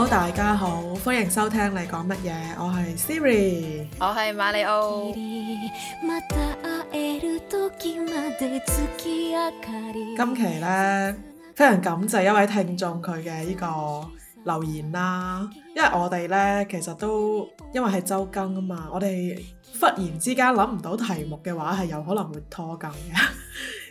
Hello, 大家好，歡迎收聽你講乜嘢？我係 Siri，我係瑪利奧。今期咧，非常感謝一位聽眾佢嘅呢個留言啦，因為我哋咧其實都因為係周更啊嘛，我哋忽然之間諗唔到題目嘅話，係有可能會拖更嘅。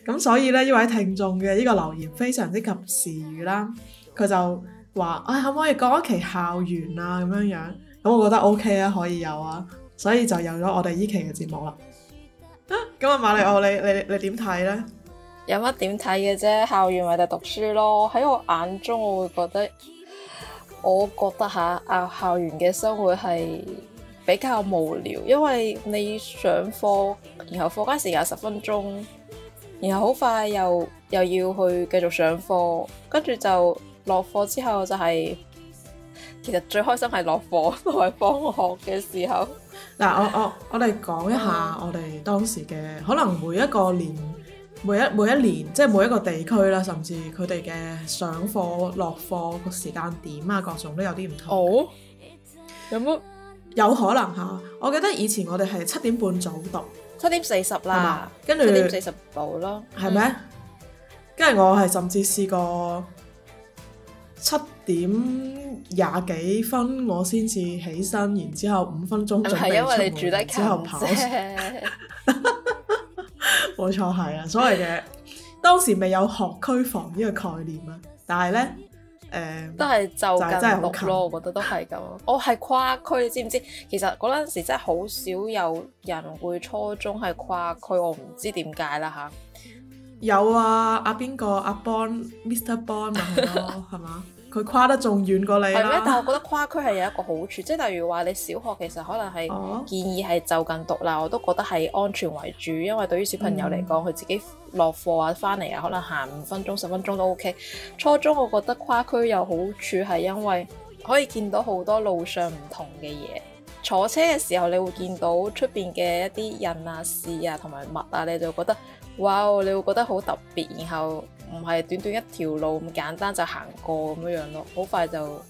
咁 所以咧，呢位聽眾嘅呢個留言非常之及時雨啦，佢就。話啊、哎、可唔可以講一期校園啊咁樣樣咁、嗯，我覺得 OK 啊，可以有啊，所以就有咗我哋呢期嘅節目啦。咁啊，瑪利奧，你你你點睇咧？呢有乜點睇嘅啫？校園咪就讀書咯。喺我眼中，我會覺得，我覺得吓啊校園嘅生活係比較無聊，因為你上課，然後課間時間十分鐘，然後好快又又要去繼續上課，跟住就。落課之後就係、是，其實最開心係落課同埋放學嘅時候。嗱、啊，我我我嚟講一下我哋當時嘅，嗯、可能每一個年，每一每一年，即係每一個地區啦，甚至佢哋嘅上課、落課個時間點啊，各種都有啲唔同。哦，有冇？有可能吓、啊，我記得以前我哋係七點半早讀，七點四十啦，跟住七點四十到咯，係咩？跟住嗎、嗯、我係甚至試過。七點廿幾分我先至起身，然之後五分鐘準備出門，因為你住得近，之後跑，跑。冇 錯，係啊，所謂嘅 當時未有學區房呢個概念啊，但係咧，誒、嗯、都係就近讀咯，我覺得都係咁。我係跨區，你知唔知？其實嗰陣時真係好少有人會初中係跨區，我唔知點解啦嚇。有啊，阿邊個阿 Bon，Mr. Bon 咪係咯，係嘛？佢跨得仲遠過你啊！係咩？但係我覺得跨區係有一個好處，即係例如話你小學其實可能係建議係就近讀啦，哦、我都覺得係安全為主，因為對於小朋友嚟講，佢、嗯、自己落課啊、翻嚟啊，可能行五分鐘、十分鐘都 OK。初中我覺得跨區有好處係因為可以見到好多路上唔同嘅嘢，坐車嘅時候你會見到出邊嘅一啲人啊、事啊同埋物啊，你就覺得。哇、wow，你會覺得好特別，然後唔係短短一條路咁簡單就行過咁樣樣咯，好快就。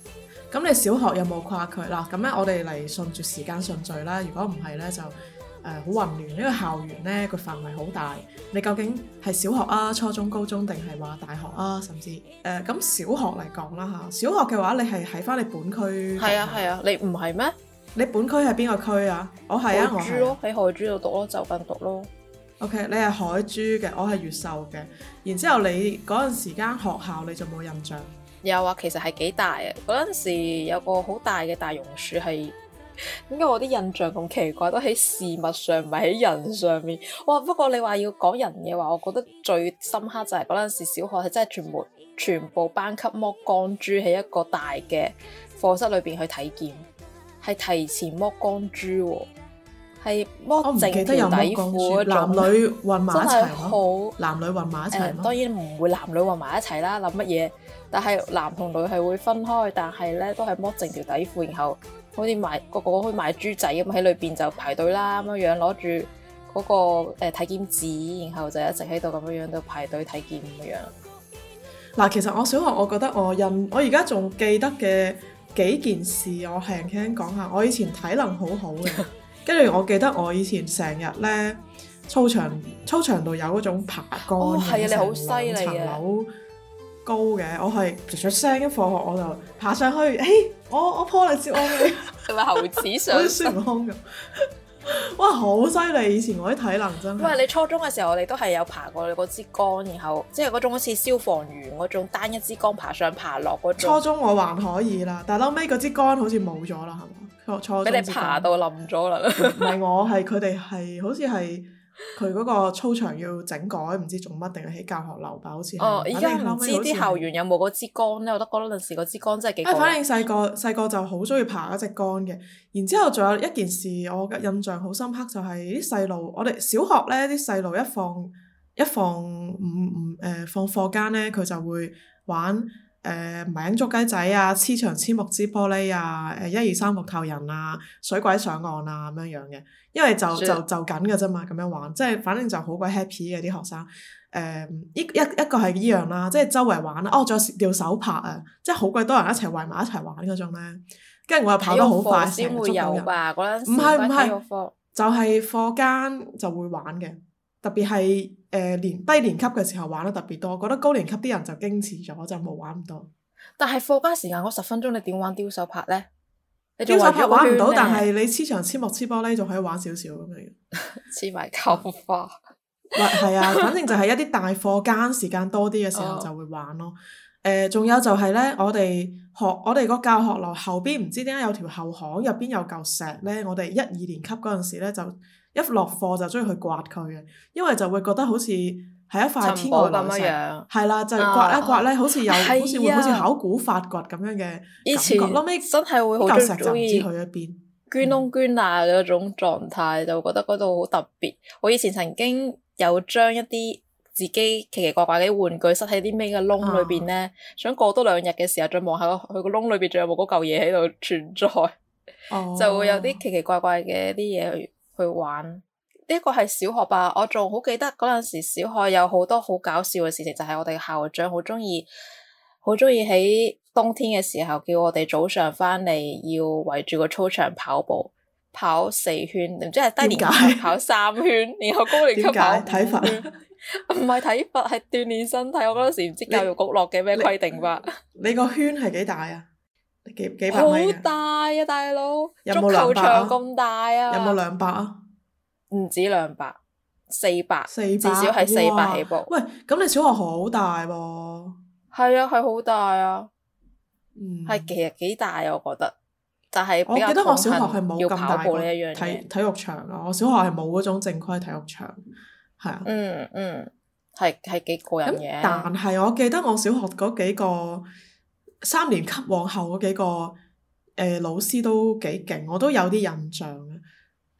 咁你小學有冇跨區嗱？咁咧我哋嚟順住時間順序啦。如果唔係咧就誒好、呃、混亂，呢個校園咧個範圍好大。你究竟係小學啊、初中、高中定係話大學啊？甚至誒咁、呃、小學嚟講啦嚇，小學嘅話你係喺翻你本區？係啊係啊，啊，你唔係咩？你本區係邊個區啊？我係啊，我係海珠咯，喺海珠度讀咯，就近讀咯。OK，你係海珠嘅，我係越秀嘅。然之後你嗰陣時間學校你就冇印象，又話其實係幾大啊？嗰陣時有個好大嘅大榕樹。係點解我啲印象咁奇怪？都喺事物上，唔係喺人上面。哇！不過你話要講人嘅話，我覺得最深刻就係嗰陣時小學係真係全部全部班級剝光豬喺一個大嘅課室裏邊去體檢，係提前剝光豬喎、哦。係剝剩條底褲，男女混埋一齊好，男女混埋一齊、呃，當然唔會男女混埋一齊啦。諗乜嘢？但係男同女係會分開，但係咧都係剝剩條底褲，然後好似賣個個去賣豬仔咁喺裏邊就排隊啦咁樣樣，攞住嗰個誒體檢紙，然後就一直喺度咁樣樣都排隊體檢咁樣樣。嗱，其實我小學我覺得我印我而家仲記得嘅幾件事，我輕輕講下，我以前體能好好嘅。 跟住我記得我以前成日咧，操場操場度有嗰種爬杆，成、哦、層樓高嘅。我係著著聲一放學我就爬上去，哎、欸，我我破嚟接我妹，係咪 猴子上，好似孫悟空咁。 哇，好犀利！以前我啲體能真係。喂，你初中嘅時候，我哋都係有爬過嗰支杆，然後即係嗰種好似消防員嗰種單一支杆爬上爬落嗰種。初中我還可以啦，但係撈尾嗰支杆好似冇咗啦，係嘛？佢哋錯爬到冧咗啦，唔 係我係佢哋係好似係佢嗰個操場要整改，唔知做乜定係起教學樓吧？好似哦，而家唔知啲校園有冇嗰支竿咧？我覺得嗰陣時嗰支竿真係幾。反正細個細個就好中意爬嗰隻竿嘅。然之後仲有一件事，我嘅印象好深刻就係啲細路，我哋小學咧啲細路一放一放唔唔誒放課間咧，佢就會玩。誒名、呃、捉雞仔啊，黐牆黐木枝玻璃啊，誒一二三木頭人啊，水鬼上岸啊咁樣樣嘅，因為就就就緊嘅啫嘛，咁樣玩，即係反正就好鬼 happy 嘅啲學生，誒、呃、依一一個係呢樣啦，嗯、即係周圍玩，哦，仲有叫手拍啊，嗯、即係好鬼多人一齊圍埋一齊玩嗰種咧，跟住我又跑得好快，成班人，唔係唔係，就係課間就會玩嘅，特別係。誒、呃，年低年級嘅時候玩得特別多，覺得高年級啲人就矜持咗，就冇玩咁多。但係課間時間，嗰十分鐘你點玩丟手帕呢？丟手帕玩唔到，但係你黐牆、黐木、黐玻璃仲可以玩少少咁樣。黐埋球花，係啊，反正就係一啲大課間時間多啲嘅時候就會玩咯。誒、oh. 呃，仲有就係呢，我哋學我哋個教學樓後邊唔知點解有條後巷，入邊有嚿石呢，我哋一二年級嗰陣時咧就。一落課就中意去刮佢嘅，因為就會覺得好似係一塊天然嘅石，係啦，就是、刮一刮咧，好似又，啊、好似會好似考古發掘咁樣嘅。以前後尾真係會好中意去一邊捐窿捐罅嗰種狀態，就覺得嗰度好特別。嗯、我以前曾經有將一啲自己奇奇怪怪啲玩具塞喺啲咩嘅窿裏邊咧，啊、想過多兩日嘅時候再望下佢個窿裏邊仲有冇嗰嚿嘢喺度存在，哦、就會有啲奇奇怪怪嘅啲嘢。去玩呢、這個係小學吧，我仲好記得嗰陣時小學有好多好搞笑嘅事情，就係、是、我哋校長好中意，好中意喺冬天嘅時候叫我哋早上返嚟要圍住個操場跑步跑四圈，唔知係低年級跑三圈，然後高年級跑五圈，唔係體罰，係 鍛煉身體。我嗰陣時唔知教育局落嘅咩規定吧。你個圈係幾大啊？幾幾百米好、啊、大啊，大佬！有有啊、足球場咁大啊？有冇兩百啊？唔止兩百，四百，四百啊、至少係四百起步。喂，咁你小學好大噃？係啊，係好、嗯、大啊！嗯，係幾幾大、啊，我覺得。但係我記得我小學係冇咁大呢一樣嘢，體體育場啊，我小學係冇嗰種正規體育場，係啊。嗯嗯，係、嗯、係幾過癮嘅。但係我記得我小學嗰幾個。三年級往後嗰幾個誒、呃、老師都幾勁，我都有啲印象嘅，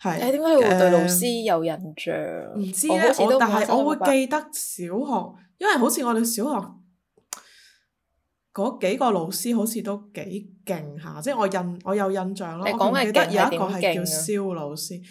係。誒、欸，點解你會對老師有印象？唔、嗯、知咧，我但係我會記得小學，因為好似我哋小學嗰幾個老師，好似都幾勁下，即係我印我有印象咯。你講嘅勁係肖老師啊？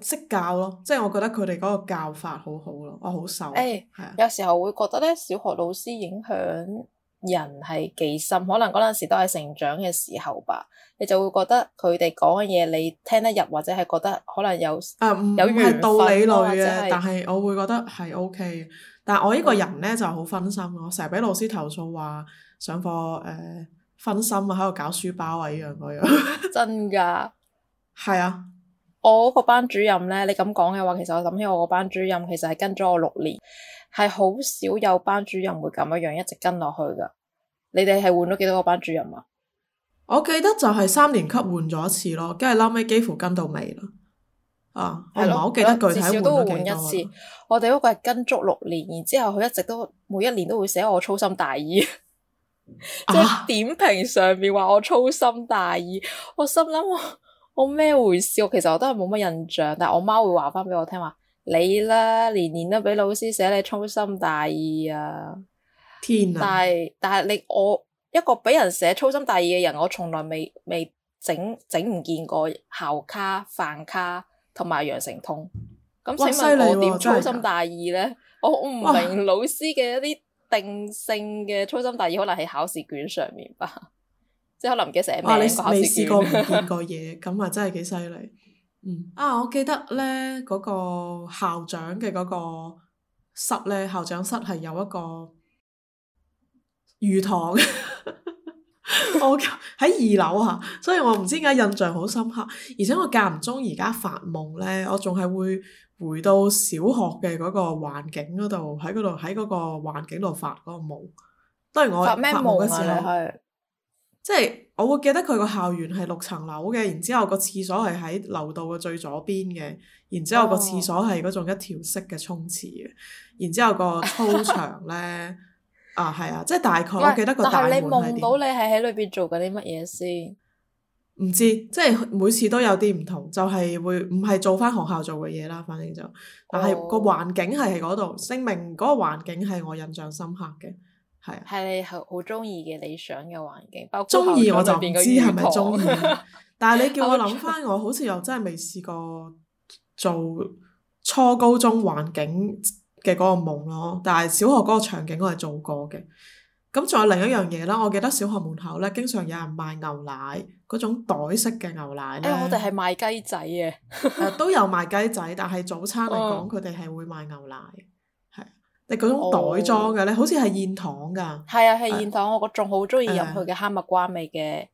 識教咯，即係我覺得佢哋嗰個教法好好咯，我好受。誒、欸，係啊，有時候會覺得咧，小學老師影響。人係幾深，可能嗰陣時都係成長嘅時候吧。你就會覺得佢哋講嘅嘢你聽得入，或者係覺得可能有誒唔、啊嗯、道理類嘅，但係我會覺得係 O K。但係我呢個人咧、嗯、就好分心咯，成日俾老師投訴話上課誒分心啊，喺度搞書包啊依樣嗰樣。真㗎的？係 啊，我個班主任咧，你咁講嘅話，其實我諗起我個班主任，其實係跟咗我六年，係好少有班主任會咁樣樣一直跟落去噶。你哋係換咗幾多個班主任啊？我記得就係三年級換咗一次咯，跟住後尾幾乎跟到尾啦。啊，我唔係好記得具體幾多。至少都換一次。我哋嗰個係跟足六年，然後之後佢一直都每一年都會寫我粗心大意，即 係點評上面話我粗心大意。啊，我心諗我咩回事？我其實我都係冇乜印象，但係我媽會話翻俾我聽話你啦，年年都俾老師寫你粗心大意啊。但係但係你我一個俾人寫粗心大意嘅人，我從來未未整整唔見過校卡、飯卡同埋羊城通。咁請問我點粗心大意咧？啊、我我唔明老師嘅一啲定性嘅粗心大意，可能喺考試卷上面吧，啊、即係可能唔記得寫咩？哇、啊！試你未試過唔見過嘢，咁啊 真係幾犀利。嗯，啊，我記得咧嗰、嗰個校長嘅嗰個室咧，校長室係有一個魚塘， 我喺二樓吓，所以我唔知點解印象好深刻。而且我間唔中而家發夢咧，我仲係會回到小學嘅嗰個環境嗰度，喺嗰度喺嗰個環境度發嗰個夢。當然我發咩夢嘅時候，係、啊、即係我會記得佢個校園係六層樓嘅，然之後個廁所係喺樓道嘅最左邊嘅，然之後個廁所係嗰種一條式嘅沖廁嘅，然之後個操場咧。 啊，係啊，即係大概，但我記得個大門係點。但係你夢到你係喺裏邊做緊啲乜嘢先？唔知，即係每次都有啲唔同，就係、是、會唔係做翻學校做嘅嘢啦。反正就，但係個環境係喺度，聲明嗰個環境係、哦、我印象深刻嘅，係、啊，係你好好中意嘅理想嘅環境，包括中意我就知係咪中意，但係你叫我諗翻， 我好似又真係未試過做初高中環境。嘅嗰個夢咯，但係小學嗰個場景我係做過嘅。咁仲有另一樣嘢啦，我記得小學門口咧，經常有人賣牛奶嗰種袋式嘅牛奶，因誒、欸，我哋係賣雞仔嘅。 都有賣雞仔，但係早餐嚟講，佢哋係會賣牛奶。係，你嗰種袋裝嘅咧，好似係燕塘㗎。係、哦哎、啊，係燕塘。我仲好中意飲佢嘅哈密瓜味嘅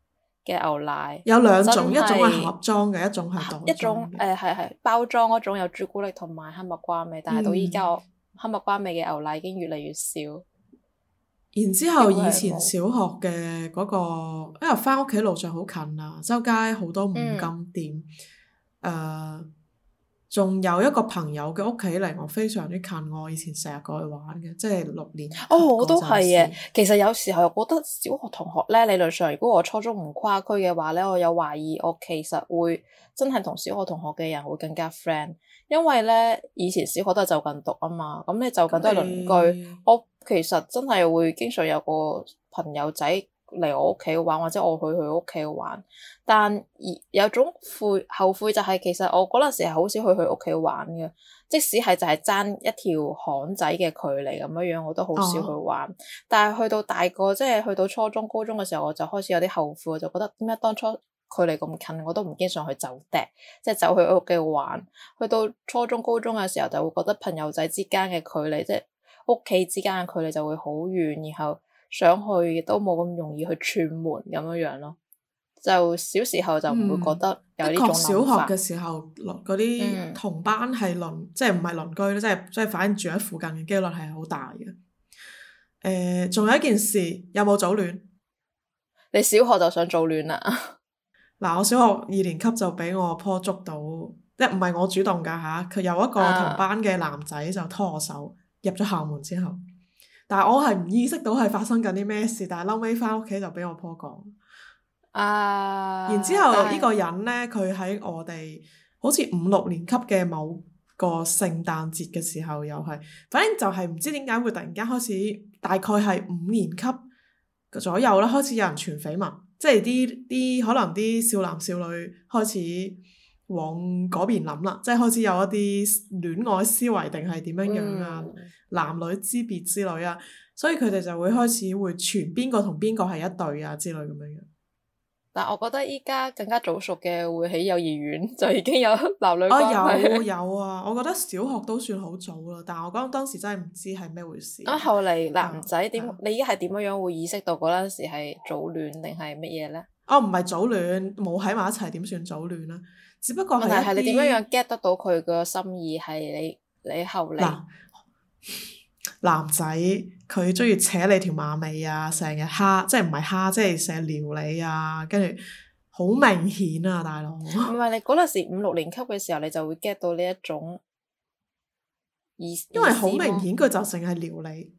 嘅牛奶。有兩種，一種係盒裝嘅，一種係袋裝。一種誒，係、呃、係包裝嗰種有朱古力同埋哈密瓜味，但係到依家我、嗯。黑木瓜味嘅牛奶已經越嚟越少。然之後以前小學嘅嗰個，嗯、因為翻屋企路上好近啊，周街好多五金店。誒、嗯，仲有一個朋友嘅屋企離，我非常之近，我以前成日過去玩嘅，即係六年。哦，我都係嘅。時其實有時候又覺得小學同學咧，理論上如果我初中唔跨區嘅話咧，我有懷疑我其實會真係同小學同學嘅人會更加 friend。因為咧，以前小學都係就近讀啊嘛，咁咧就近都係鄰居。嗯、我其實真係會經常有個朋友仔嚟我屋企玩，或者我去佢屋企玩。但有種悔後悔就係其實我嗰陣時係好少去佢屋企玩嘅，即使係就係爭一條巷仔嘅距離咁樣樣，我都好少去玩。哦、但係去到大個，即係去到初中、高中嘅時候，我就開始有啲後悔，我就覺得點解當初，距離咁近，我都唔經常去走趯，即係走去屋企玩。去到初中、高中嘅時候，就會覺得朋友仔之間嘅距離，即係屋企之間嘅距離就會好遠，然後想去亦都冇咁容易去串門咁樣樣咯。就小時候就唔會覺得有種。有、嗯、的確，小學嘅時候，嗰啲同班係、嗯、鄰，即係唔係鄰居，即係即係反正住喺附近嘅機率係好大嘅。誒、呃，仲有一件事，有冇早戀？你小學就想早戀啦。嗱，我小學二年級就俾我阿婆捉到，即係唔係我主動噶嚇，佢、啊、有一個同班嘅男仔就拖我手入咗校門之後，但係我係唔意識到係發生緊啲咩事，但係嬲尾翻屋企就俾我阿婆講，啊，然之後呢個人咧，佢喺我哋好似五六年級嘅某個聖誕節嘅時候又係，反正就係唔知點解會突然間開始，大概係五年級左右啦，開始有人傳緋聞。即係啲啲可能啲少男少女開始往嗰邊諗啦，即係開始有一啲戀愛思維定係點樣樣啊，男女之別之類啊，所以佢哋就會開始會傳邊個同邊個係一對啊之類咁樣樣。但我覺得依家更加早熟嘅會喺幼兒園就已經有男女關係、啊、有有啊，我覺得小學都算好早啦，但係我嗰陣時真係唔知係咩回事。啊後嚟男仔點？啊、你依家係點樣樣會意識到嗰陣時係早戀定係乜嘢咧？哦唔係早戀，冇喺埋一齊點算早戀咧？只不過係一啲，問題係你點樣樣 get 得到佢嘅心意係你你後嚟、啊。男仔。佢中意扯你條馬尾啊！成日蝦，即係唔係蝦，即係成日撩你啊！跟住好明顯啊，大佬。唔係 你嗰陣時五六年級嘅時候，你就會 get 到呢一種意。因為好明顯，佢就成日撩你，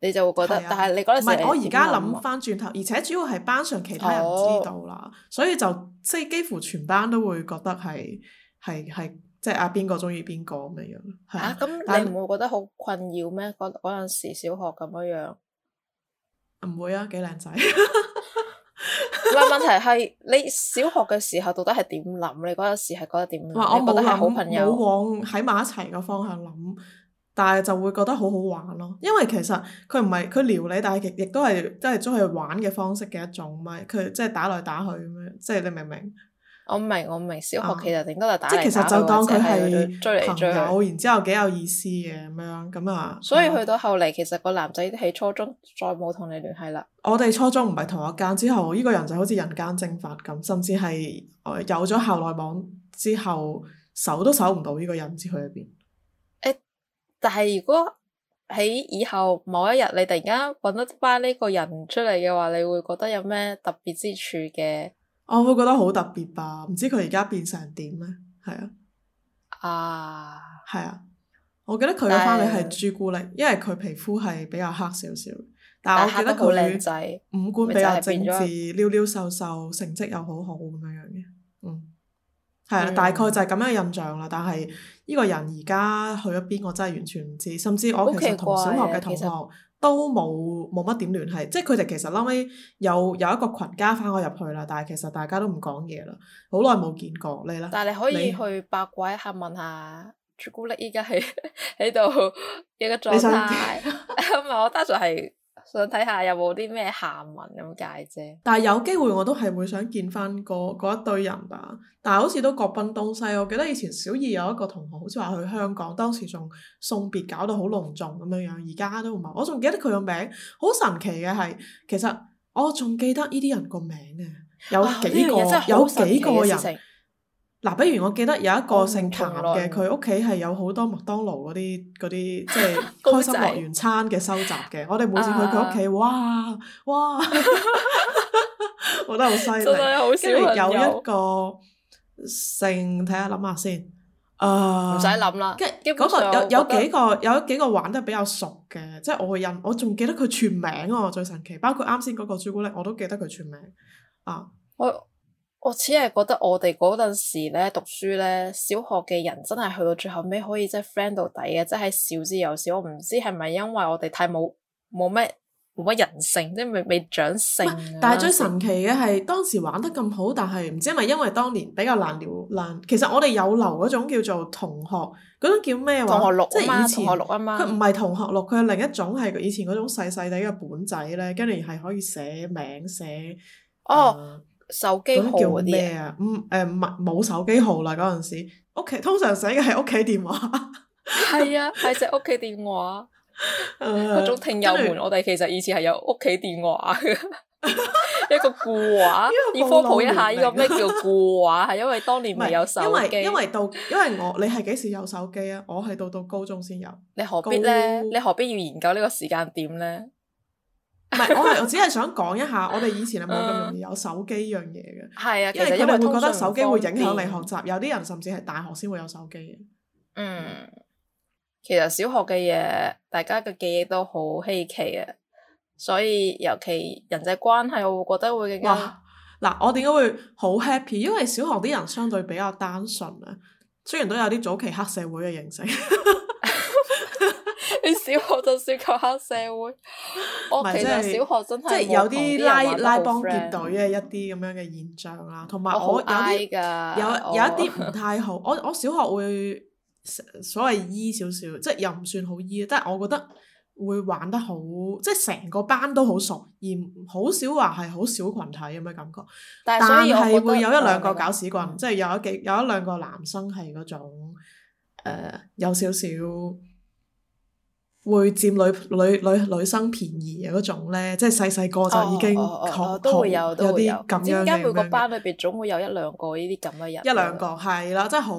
你就會覺得。 但係你嗰陣時，我而家諗翻轉頭，而且主要係班上其他人知道啦，oh. 所以就即係幾乎全班都會覺得係係係。即係阿邊個中意邊個咁樣樣，咁你唔會覺得好困擾咩？嗰嗰陣時小學咁樣樣，唔會啊，幾靚仔。但 係問題係你小學嘅時候到底係點諗？你嗰陣時係覺得點？我你覺得係好朋友？冇往喺埋一齊嘅方向諗，但係就會覺得好好玩咯。因為其實佢唔係佢撩你，但係亦都係即係鍾意玩嘅方式嘅一種咪。佢即係打來打去咁樣，即係你明唔明？我唔明，我唔明。小學其實頂多、啊、就打嚟打去，或者係追嚟追去，然之後幾有意思嘅咁樣。咁啊，所以去到後嚟，啊、其實個男仔喺初中再冇同你聯繫啦。我哋初中唔係同一間，之後呢、呢個人就好似人間蒸發咁，甚至係有咗校內網之後，搜都搜唔到呢個人，唔知佢喺邊。誒，但係如果喺以後某一日你突然間揾得翻呢個人出嚟嘅話，你會覺得有咩特別之處嘅？我會覺得好特別吧，唔知佢而家變成點咧？係啊，啊，係啊，我記得佢嘅花名係朱古力，是因為佢皮膚係比較黑少少，但係我記得佢靚仔五官比較精緻，嬌嬌瘦瘦，成績又好好咁樣嘅，嗯，係啊，大概就係咁樣嘅印象啦。嗯、但係呢個人而家去咗邊，我真係完全唔知，甚至我其實同小學嘅同學。都冇冇乜點聯繫，即係佢哋其實拉尾有有一個群加翻我入去啦，但係其實大家都唔講嘢啦，好耐冇見過你啦。但係你可以去八卦一,一下，問下朱古力依家係喺度嘅一個狀態，唔係我得就係。 想睇下有冇啲咩下文咁解啫。但係有機會我都係會想見翻嗰一堆人啊！但係好似都各奔東西。我記得以前小二有一個同學，好似話去香港，當時仲送別搞到好隆重咁樣樣。而家都唔係，我仲記得佢個名。好神奇嘅係，其實我仲記得呢啲人個名啊，有幾個、啊、有幾個人。嗱、啊，比如我記得有一個姓譚嘅，佢屋企係有好多麥當勞嗰啲啲，即係開心樂園餐嘅收集嘅。 仔我哋每次去佢屋企，哇哇， 覺得好犀利。好少人有。有一個姓，睇下諗下先。唔使諗啦。跟嗰個有有幾個，有幾個玩得比較熟嘅，即係外人，我仲記得佢全名哦，最神奇。包括啱先嗰個朱古力，我都記得佢全名。啊，我。我只係覺得我哋嗰陣時咧讀書咧，小學嘅人真係去到最後尾可以即係 friend 到底嘅，即係少之又少。我唔知係咪因為我哋太冇冇咩冇乜人性，即係未未長性啊。但係最神奇嘅係當時玩得咁好，但係唔知係咪因為當年比較難聊難。其實我哋有留嗰種叫做同學嗰種叫咩話？同學錄啊嘛，同學錄啊嘛。佢唔係同學錄，佢係另一種係以前嗰種細細哋嘅本仔咧，跟住係可以寫名寫。哦。Oh. 手機號嗰啲啊，唔誒，唔係冇手機號啦。嗰陣時屋企通常使嘅係屋企電話，係啊，係借屋企電話。嗰種、呃、聽友後們，我哋其實以前係有屋企電話嘅， 一個固話。 要科普一下，呢個咩叫固話？係 因為當年未有手機，因為到因為我你係幾時有手機啊？我係到到高中先有。你何必咧？高你何必要研究呢個時間點咧？唔係，我係我只係想講一下，我哋以前係冇咁容易有手機呢樣嘢嘅，係啊、嗯，因為佢哋會覺得手機會影響你學習，有啲人甚至係大學先會有手機嘅。嗯，其實小學嘅嘢，大家嘅記憶都好稀奇啊，所以尤其人際關係，我會覺得會更加。嗱，我點解會好 happy？因為小學啲人相對比較單純啊，雖然都有啲早期黑社會嘅形成。 你小學就涉及黑社會，我、哦、真是實小學真係即係有啲拉拉幫結隊嘅一啲咁樣嘅現象啦。同埋我有啲有有一啲唔太好。 我我小學會所謂醫少少，即係又唔算好醫啊。但係我覺得會玩得好，即係成個班都好熟，而好少話係好少群體咁嘅感覺。但係會有一兩個搞屎棍，即係、嗯、有一幾有一兩個男生係嗰種、呃、有少少。會佔女女女女生便宜嘅嗰種咧，即係細細個就已經有有啲咁樣嘅樣。點解每個班裏邊總會有一兩個呢啲咁嘅人？一兩個係啦，即係好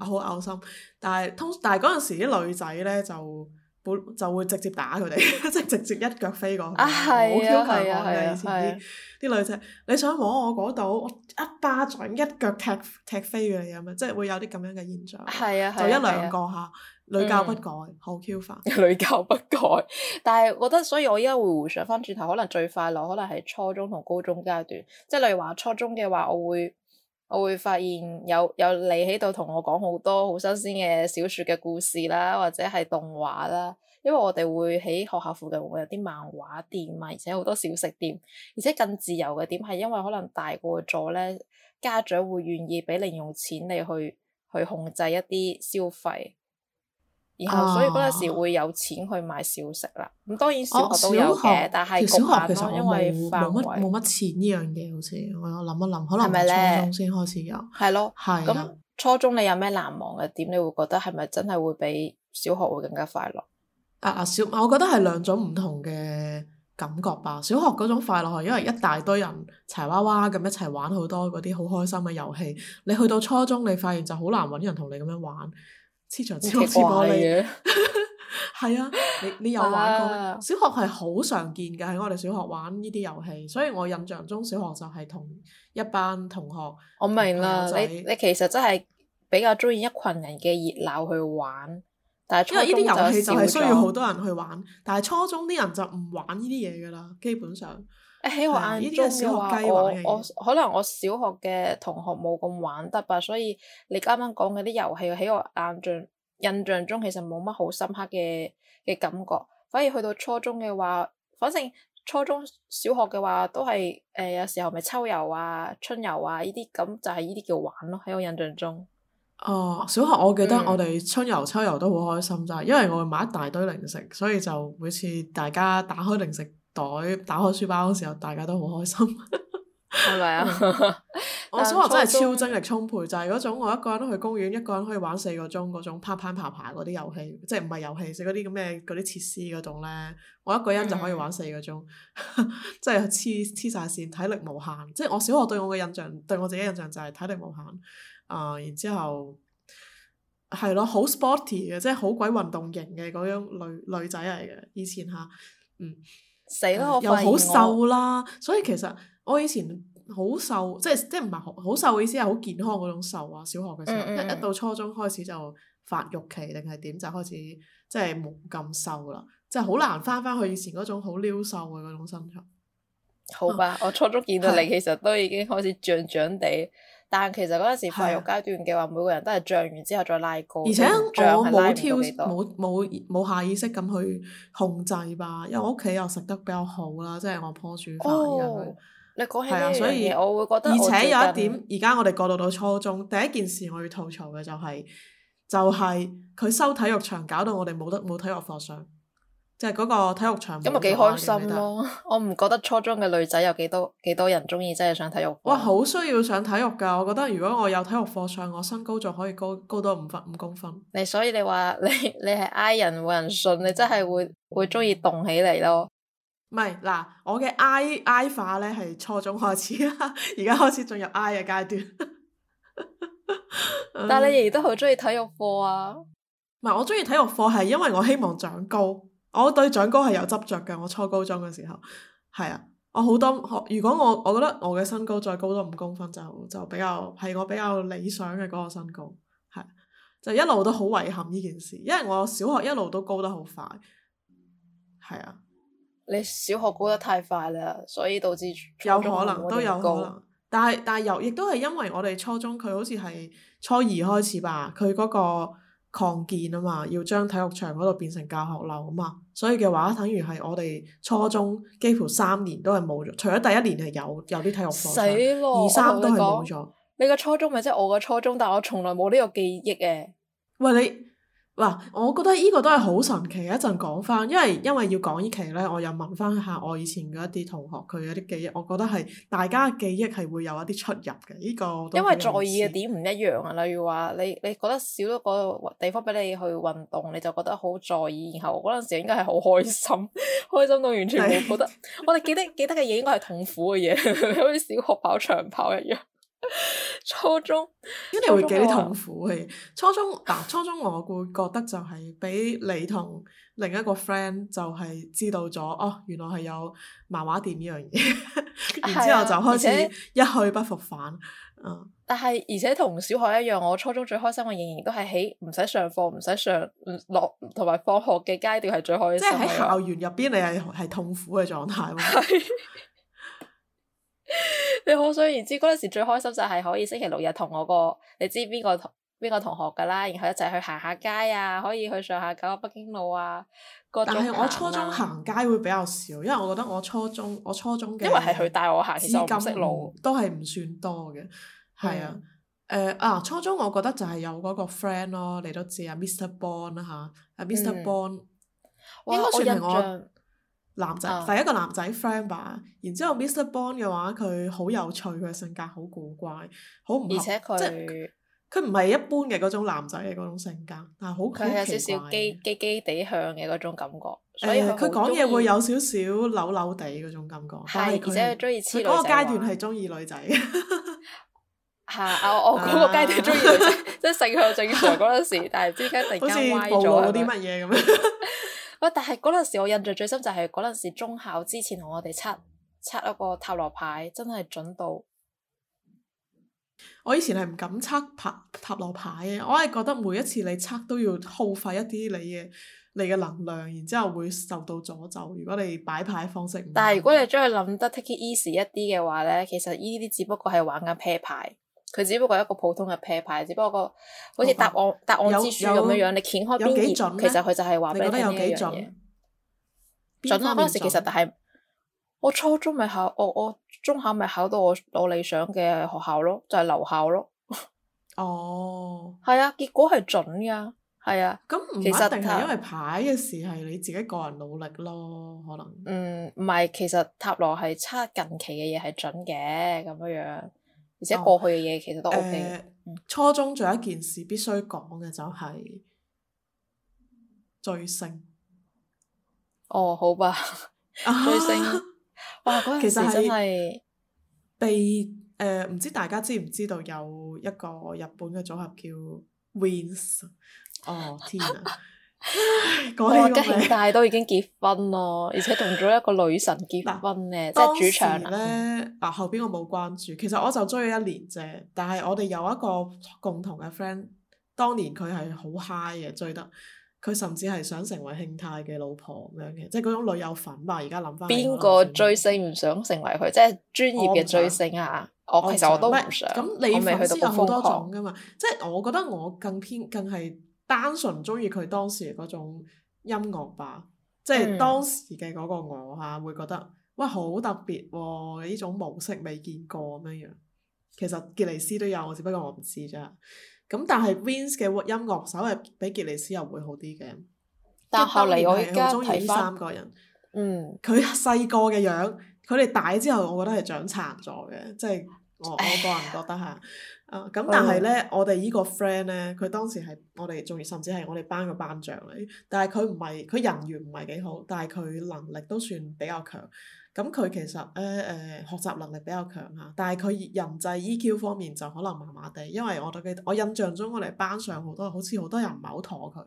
好好嘔心。但係通但係嗰陣時啲女仔咧就本就會直接打佢哋，即係直接一腳飛過去，好挑釁我嘅以前啲啲女仔。你想摸我嗰度，我一巴掌一腳踢踢飛你咁樣，即係會有啲咁樣嘅現象。係啊，就一兩個嚇。屢教不改，嗯、好 Q 化，屢教不改。但係我覺得，所以我依家會回想翻轉頭，可能最快樂，可能係初中同高中階段。即係例如話初中嘅話，我會我會發現有有你喺度同我講好多好新鮮嘅小說嘅故事啦，或者係動畫啦。因為我哋會喺學校附近會有啲漫畫店啊，而且好多小食店，而且更自由嘅點係因為可能大個咗咧，家長會願意俾零用錢你去去控制一啲消費。然後所以嗰陣時會有錢去買小食啦，咁當然小學都有嘅。哦、但係小學其實因為冇乜冇乜錢呢樣嘢，好似我諗一諗，可能初中先開始有。係咯，係咁初中你有咩難忘嘅點？你會覺得係咪真係會比小學會更加快樂？啊啊小，我覺得係兩種唔同嘅感覺吧。小學嗰種快樂係因為一大堆人齊娃娃咁一齊玩好多嗰啲好開心嘅遊戲。你去到初中，你發現就好難搵人同你咁樣玩。黐牆紙、撕玻璃，係 啊！你你有玩過？ 小學係好常見嘅，喺我哋小學玩呢啲遊戲，所以我印象中小學就係同一班同學。我明啦，就是、你你其實真係比較中意一群人嘅熱鬧去玩，但係因為呢啲遊戲就係需要好多人去玩。但係初中啲人就唔玩呢啲嘢噶啦，基本上。喺我眼中嘅話，小學我，我，我可能我小學嘅同學冇咁玩得吧，所以你啱啱講嗰啲遊戲喺我眼中、印象中其實冇乜好深刻嘅嘅感覺，反而去到初中嘅話，反正初中小學嘅話都係誒、呃、有時候咪秋遊啊、春遊啊依啲，咁就係依啲叫玩咯喺我印象中。哦，小學我記得、嗯、我哋春遊、秋遊都好開心，就係因為我會買一大堆零食，所以就每次大家打開零食，袋打開書包嘅時候，大家都好開心，係咪啊？ 我小學真係超精力充沛， 就係嗰種我一個人去公園， 一個人可以玩四個鐘嗰種攀攀爬爬嗰啲遊戲，即係唔係遊戲，即嗰啲咁咩？嗰啲設施嗰種咧，我一個人就可以玩四個鐘， 即係黐黐晒線，體力無限。即係我小學對我嘅印象，對我自己印象就係體力無限。啊、呃，然之後係咯，好 sporty 嘅，即係好鬼運動型嘅嗰種女女仔嚟嘅，以前吓，嗯。死我我、嗯、又好瘦啦，所以其實我以前好瘦，即係即係唔係好好瘦嘅意思係好健康嗰種瘦啊。小學嘅時候，嗯嗯一，一到初中開始就發育期定係點就開始即係冇咁瘦啦，即係好、就是、難翻翻去以前嗰種好撩瘦嘅嗰種身材。好吧，啊、我初中見到你其實都已經開始脹脹地。但其實嗰陣時，發育階段嘅話，的每個人都係漲完之後再拉高，而且我冇冇冇下意識咁去控制吧。嗯、因為我又屋企又食得比較好啦，即係我婆煮飯又。樣、哦。你講起嘢，且我會覺得而且有一點，而家我哋過渡到初中，第一件事我要吐槽嘅就係、是，就係、是、佢、就是、收體育場搞，搞到我哋冇得冇體育課上。就係嗰個體育場，咁咪幾開心咯！我唔覺得初中嘅女仔有幾多幾多人中意真係上體育課。哇！好需要上體育噶，我覺得如果我有體育課上，我身高仲可以高高多五分五公分。你所以你話你你係 I 人冇人信，你真係會會中意動起嚟咯。唔係嗱，我嘅 I I 化咧係初中開始啦，而 家開始進入 I 嘅階段。 但係你仍然都好中意體育課啊？唔係、嗯，我中意體育課係因為我希望長高。我對長高係有執着嘅，我初高中嘅時候係啊，我好多學，如果我我覺得我嘅身高再高多五公分就，就比較係我比較理想嘅嗰個身高，係啊，就一路都好遺憾呢件事，因為我小學一路都高得好快，係啊，你小學高得太快啦，所以導致有可能都有可能，但係但係由亦都係因為我哋初中佢好似係初二開始吧，佢嗰個。擴建啊嘛，要將體育場嗰度變成教學樓啊嘛，所以嘅話等於係我哋初中幾乎三年都係冇咗，除咗第一年係有有啲體育課，死咯，二三都係冇咗。你個初中咪即係我個初中，但我從來冇呢個記憶嘅。喂你。嗱，我覺得呢個都係好神奇。一陣講翻，因為因為要講呢期咧，我又問翻下我以前嗰一啲同學，佢嗰啲記憶，我覺得係大家嘅記憶係會有一啲出入嘅。呢個因為在意嘅點唔一樣啊，例如話你你覺得少咗個地方俾你去運動，你就覺得好在意，然後嗰陣時應該係好開心，開心到完全冇覺得。對我哋記得記得嘅嘢應該係痛苦嘅嘢，好似 小學跑長跑一樣。初中一定中會幾痛苦嘅。初中嗱， 初中我會覺得就係俾你同另一個 friend 就係知道咗哦，原來係有漫畫店呢樣嘢， 然之後就開始一去不復返。但係、啊、而且同、嗯、小學一樣，我初中最開心嘅仍然都係喺唔使上課、唔使上，上落同埋放學嘅階段係最開心。即係校園入邊，你係係痛苦嘅狀態。 你可想而知，嗰陣時最開心就係可以星期六日同我個，你知邊個同邊個同學噶啦，然後一齊去行下街啊，可以去上下九、北京路啊。啊但係我初中行街會比較少，因為我覺得我初中我初中嘅，因為係佢帶我行，識路，資金都係唔算多嘅。係、嗯、啊，誒啊，初中我覺得就係有嗰個 friend 咯，你都知啊，Mr. Bond 啦、啊、嚇，啊 Mr. Bond。應該算全是 我，我。男仔，第一個男仔 friend 吧。然之後，Mr. Bond 嘅話，佢好有趣，佢性格好古怪，好唔合，而且佢，佢唔係一般嘅嗰種男仔嘅嗰種性格，但啊好佢有少少基基基地向嘅嗰種感覺。所以佢講嘢會有少少扭扭地嗰種感覺。係，而且佢中意黐女仔。嗰階段係中意女仔嘅。係我我嗰個階段中意女仔，即係性向正常嗰陣時，但係依家突然間歪咗啲乜嘢咁樣。喂，但係嗰陣時我印象最深就係嗰陣時中考之前同我哋測測嗰個塔羅牌，真係準到。我以前係唔敢測塔塔羅牌嘅，我係覺得每一次你測都要耗費一啲你嘅你嘅能量，然之後會受到詛咒。如果你擺牌方式，但係如果你將佢諗得 take it easy 一啲嘅話呢，其實呢啲只不過係玩緊 pair 牌。佢只不過係一個普通嘅撇牌，只不過個好似答案, Okay. 答,案答案之書咁樣樣，有你掀開邊頁，幾其實佢就係話俾你,你有呢樣嘢。準嗰陣時，其實但係我初中咪考，我我中考咪考到我我理想嘅學校咯，就係、是、留校咯。哦，係啊，結果係準噶，係啊。咁唔一定係因為牌嘅事，係你自己個人努力咯，可能。嗯，唔係，其實塔羅係測近期嘅嘢，係準嘅咁樣樣。而且過去嘅嘢其實都 OK。初中仲有一件事必須講嘅就係追星。哦，好吧。追星、啊、哇！嗰、那、陣、個、時真係被誒，唔、呃、知大家知唔知道有一個日本嘅組合叫 Wins？哦 天啊！我吉慶泰都已經結婚咯，而且同咗一個女神結婚咧，即係主唱咧。啊，嗯、後邊我冇關注，其實我就追咗一年啫。但係我哋有一個共同嘅 friend，當年佢係好 high 嘅追得，佢甚至係想成為慶泰嘅老婆咁樣嘅，即係嗰種女友粉吧。而家諗翻，邊個追星唔想成為佢，即係專業嘅追星啊？我，我其實我都唔想。咁想麼但你粉絲有好多種噶嘛？即係我覺得我更偏，更係。單純中意佢當時嗰種音樂吧，即係當時嘅嗰個我嚇，會覺得、嗯、哇好特別喎、哦！呢種模式未見過咁樣樣。其實傑尼斯都有，我只不過我唔知咋。咁但係 Wins 嘅音樂稍係比傑尼斯又會好啲嘅。但係後嚟我依家好中意呢三個人。嗯，佢細個嘅樣，佢哋大之後，我覺得係長殘咗嘅，即係。我我個人覺得嚇，啊、嗯、咁但係咧、嗯，我哋依個 friend 咧，佢當時係我哋仲甚至係我哋班嘅班長嚟，但係佢唔係佢人緣唔係幾好，但係佢能力都算比較強。咁佢其實咧誒、呃呃、學習能力比較強嚇，但係佢人際 EQ 方面就可能麻麻地，因為我記得我印象中我哋班上好多好似好多人唔係好妥佢，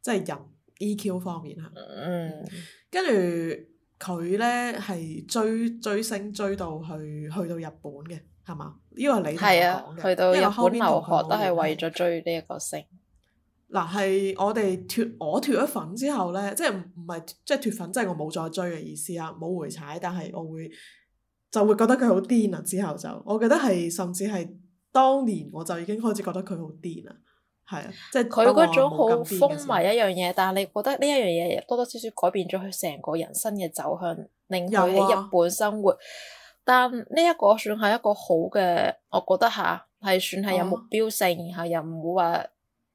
即係人 EQ 方面嚇。嗯，跟住。佢咧係追追星追到去去到日本嘅，係嘛？呢個係你講嘅，去到日本留學，這個啊、都係為咗追呢一個星。嗱、啊，係我哋脫我脫咗粉之後咧，即係唔係即係脫粉，即係我冇再追嘅意思啊，冇回踩，但係我會就會覺得佢好癲啊！之後就我覺得係甚至係當年我就已經開始覺得佢好癲啦。係，佢嗰種好風靡一樣嘢，但係你覺得呢一樣嘢多多少少改變咗佢成個人生嘅走向，令佢喺日本生活。啊、但呢一個算係一個好嘅，我覺得吓係算係有目標性，啊、然後又唔會話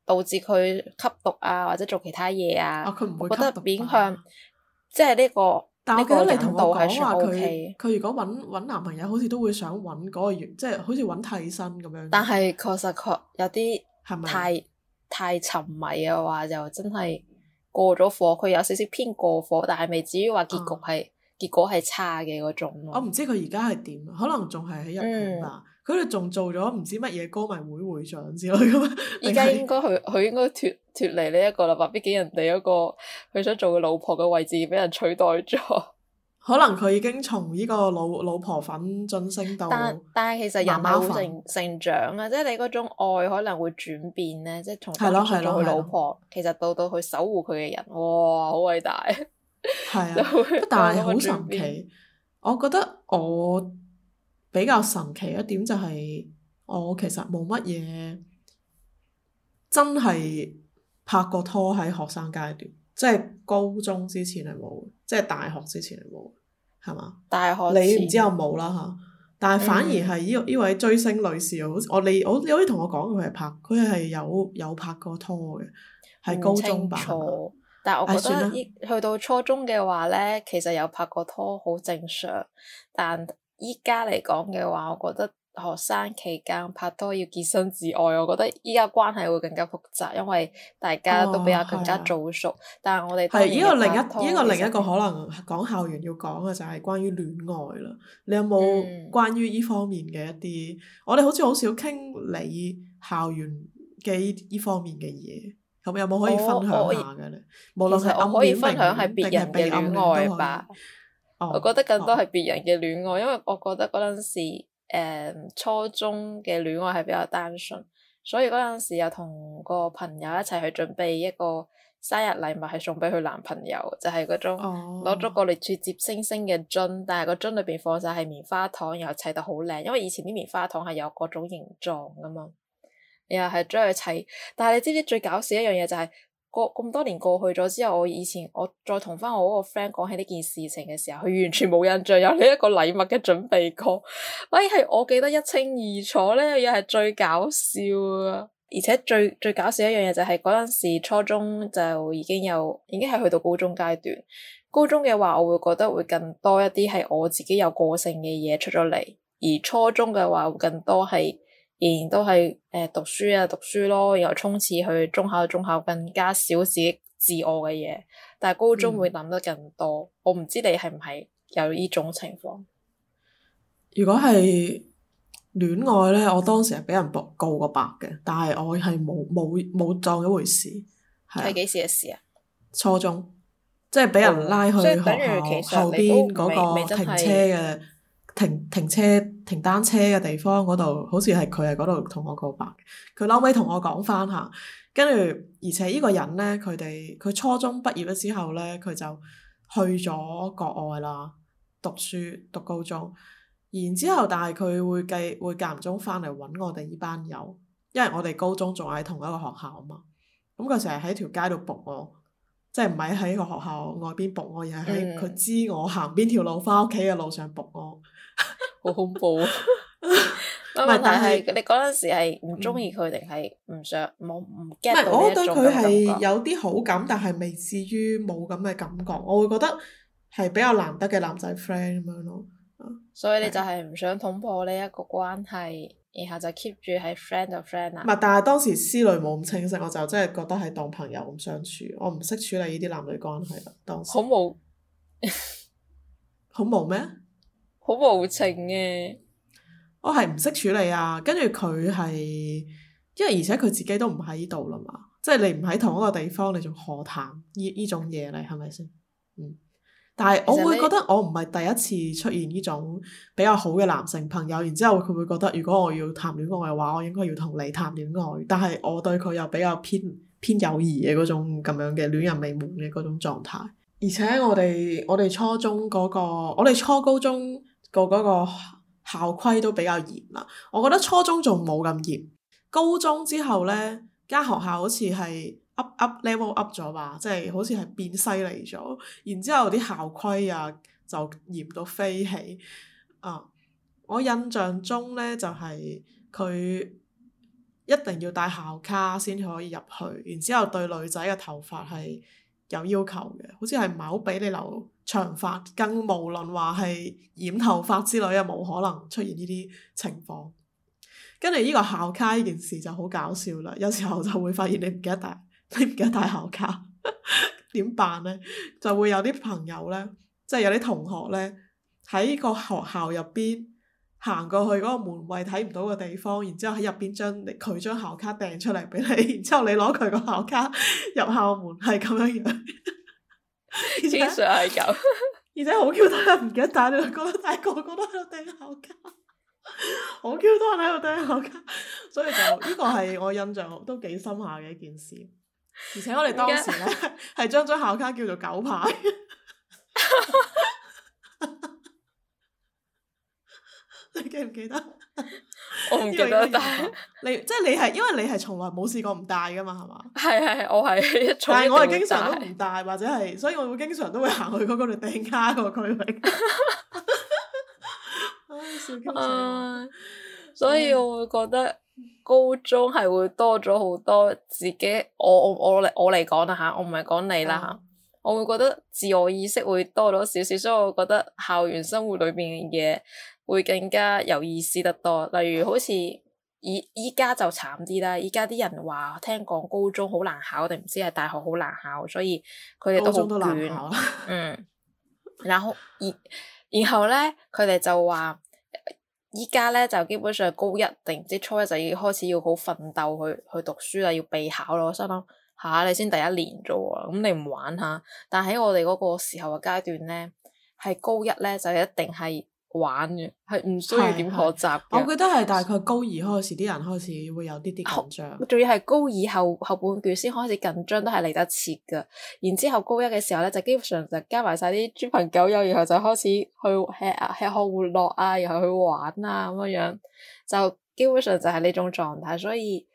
導致佢吸毒啊，或者做其他嘢啊。佢唔、啊、會覺得變向，即係呢個。但個我覺得你同道講話佢，佢如果揾男朋友，好似都會想揾嗰個，即、就、係、是、好似揾替身咁樣。但係確實確有啲。係咪太太沉迷嘅話，就真係過咗火。佢有少少偏過火，但係未至於話結局係結果係、啊、差嘅嗰種。我唔知佢而家係點，可能仲係喺日本吧。佢哋仲做咗唔知乜嘢歌迷會會長之類嘅，而家應該佢佢 應該脫脫離呢一個啦吧。畢竟人哋一個佢想做嘅老婆嘅位置俾人取代咗。可能佢已經從呢個老老婆粉晉升到媽媽，但，但係其實人會成成長啊，粉即係你嗰種愛可能會轉變咧，即係從當初做佢老婆，其實到到去守護佢嘅人，哇，好偉大！係啊， 會但係好神奇。 變我覺得我比較神奇一點就係，我其實冇乜嘢真係拍過拖喺學生階段，即係高中之前係冇，即係大學之前係冇。係嘛？大學你唔知又冇啦嚇，但係反而係呢，依位追星女士，好、嗯、我你我你好似同我講佢係拍，佢係有有拍過拖嘅，係高中版。但係我覺得、哎、去到初中嘅話咧，其實有拍過拖好正常，但依家嚟講嘅話，我覺得。學生期間拍拖要潔身自愛，我覺得依家關係會更加複雜，因為大家都比較更加早熟。哦啊、但係我哋呢個另一呢個實另一個可能講校園要講嘅就係關於戀愛啦。你有冇關於依方面嘅一啲？嗯、我哋好似好少傾理校園嘅依方面嘅嘢，咁有冇可以分享下嘅咧？哦、我無論係暗戀定係別人嘅戀愛戀吧。哦、我覺得更多係別人嘅戀愛，因為我覺得嗰陣時。誒，um, 初中嘅戀愛係比較單純，所以嗰陣時又同個朋友一齊去準備一個生日禮物，係送俾佢男朋友，就係、是、嗰種攞咗個嚟接接星星嘅樽，但係個樽裏邊放晒係棉花糖，然後砌得好靚，因為以前啲棉花糖係有各種形狀噶嘛，然後係將佢砌，但係你知唔知最搞笑一樣嘢就係、是。咁多年過去咗之後，我以前我再同翻我嗰個 friend 講起呢件事情嘅時候，佢完全冇印象有呢一個禮物嘅準備過。哎，係我記得一清二楚呢樣嘢係最搞笑啊，而且最最搞笑一樣嘢就係嗰陣時初中就已經有，已經係去到高中階段。高中嘅話我會覺得會更多一啲係我自己有個性嘅嘢出咗嚟，而初中嘅話會更多係。仍然都係誒讀書啊讀書咯，然後衝刺去中考中考，更加少自己自我嘅嘢，但係高中會諗得更多。嗯、我唔知你係唔係有呢種情況？如果係戀愛咧，我當時係俾人博告過白嘅，但係我係冇冇冇當一回事。係幾、啊、時嘅事啊？初中，即係俾人拉去、嗯、學校、嗯、等於其實後邊面嗰個停車嘅停停，停車，車停單車嘅地方嗰度，好似係佢喺嗰度同我告白嘅。佢後尾同我講翻吓，跟住而且呢個人咧，佢哋佢初中畢業咗之後咧，佢就去咗國外啦，讀書讀高中。然之後但，但係佢會計會間唔中翻嚟揾我哋呢班友，因為我哋高中仲喺同一個學校啊嘛。咁佢成日喺條街度撲我，即係唔係喺個學校外邊撲我，而係喺佢知我行邊條路翻屋企嘅路上撲我。好恐怖啊！ 問題係是是你嗰陣時係唔中意佢定係唔想冇唔 get 到呢一種感覺？我對佢係有啲好感，但係未至於冇咁嘅感覺。我會覺得係比較難得嘅男仔 friend 咁樣咯。所以你就係唔想捅破呢一個關係，然後就 keep 住係 friend 就 friend 啦、啊。唔係，但係當時思慮冇咁清晰，我就真係覺得係當朋友咁相處。我唔識處理呢啲男女關係啦。當時好冇無， 好冇咩？好無情嘅，我係唔識處理啊。跟住佢係，因為而且佢自己都唔喺呢度啦嘛，即係你唔喺同一個地方，你仲何談呢呢種嘢咧？係咪先？嗯。但係我會覺得我唔係第一次出現呢種比較好嘅男性朋友，然之後佢會覺得，如果我要談戀愛嘅話，我應該要同你談戀愛。但係我對佢又比較偏偏友誼嘅嗰種咁樣嘅戀人未滿嘅嗰種狀態。而且我哋我哋初中嗰個，我哋初高中。個嗰個校規都比較嚴啦，我覺得初中仲冇咁嚴，高中之後呢間學校好似係 up up level up 咗吧，即係好似係變犀利咗，然之後啲校規啊就嚴到飛起，啊，uh，我印象中呢，就係佢一定要帶校卡先可以入去，然之後對女仔嘅頭髮係。有要求嘅，好似係唔係好俾你留長髮，更無論話係染頭髮之類啊，冇可能出現呢啲情況。跟住呢個校卡呢件事就好搞笑啦，有時候就會發現你唔記得帶，你唔記得帶校卡，點 辦呢？」就會有啲朋友呢，即係有啲同學呢，喺個學校入邊。行過去嗰個門衞睇唔到個地方，然之後喺入邊將佢張校卡掟出嚟俾你，然之後你攞佢個校卡入校門係咁樣 且樣，經常係咁，而且好 Q 多人唔記得帶兩個帶個個都喺度掟校卡，好 Q 多人喺度掟校卡，所以就呢、這個係我印象 都幾深下嘅一件事，而且我哋當時咧係將張校卡叫做狗牌。 你記唔記得？ 我唔記得帶你，即係你係，因為你係從來冇試過唔帶噶嘛，係嘛？係係，我係，但係我係經常都唔帶，或者係，所以我會經常都會行去嗰個度定卡個區域。唉，所以我會覺得高中係會多咗好多自己，我我我嚟，我嚟講啦吓，我唔係講你啦吓，嗯、我會覺得自我意識會多咗少少，所以我覺得校園生活裏邊嘅嘢，會更加有意思得多，例如好似而依家就慘啲啦，依家啲人話聽講高中好難考，定唔知係大學好難考，所以佢哋都好卷。嗯 然，然後然然後咧，佢哋就話依家咧就基本上高一定唔知初一就要開始要好奮鬥去去讀書啦，要備考咯。我心諗吓、啊、你先第一年啫喎，咁、嗯、你唔玩下。但喺我哋嗰個時候嘅階段咧，係高一咧就一定係、嗯。玩嘅係唔需要點學習，我覺得係大概高二開始啲的人開始會有啲啲緊張，仲要係高二後後半段先開始緊張，都係嚟得切噶然之後高一嘅時候咧，就是、基本上就加埋晒啲豬朋狗友，然後就開始去吃啊、吃喝玩樂啊，然後去玩啊咁樣，就基本上就係呢種狀態。所以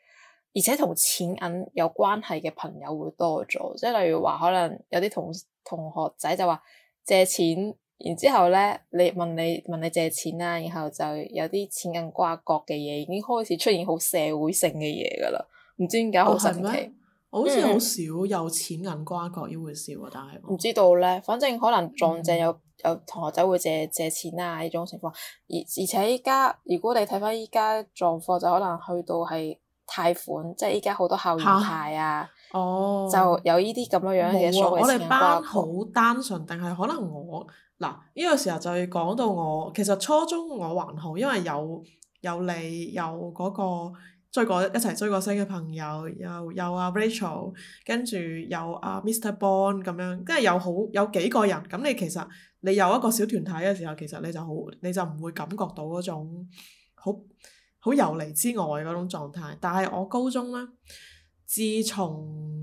而且同錢銀有關係嘅朋友會多咗，即係例如話可能有啲同同學仔就話借錢。然之後咧，你問你問你借錢啦、啊，然後就有啲錢銀瓜葛嘅嘢，已經開始出現好社會性嘅嘢噶啦，唔知點解好神奇。我好似好少有錢銀瓜葛呢回事啊，嗯、但係唔知道咧。反正可能撞正有、嗯、有同學仔會借借錢啊呢種情況，而而且依家如果你睇翻依家狀況就可能去到係貸款，即係依家好多校園貸啊，啊。哦，就有呢啲咁樣樣嘢。我哋班好單純，定係可能我？嗱，呢個時候就要講到我，其實初中我還好，因為有有你，有嗰個追過一齊追過星嘅朋友，有有阿 Rachel，跟住有阿 Mr. Bond 咁樣，即係有好有幾個人，咁你其實你有一個小團體嘅時候，其實你就好，你就唔會感覺到嗰種好好遊離之外嗰種狀態。但係我高中咧，自從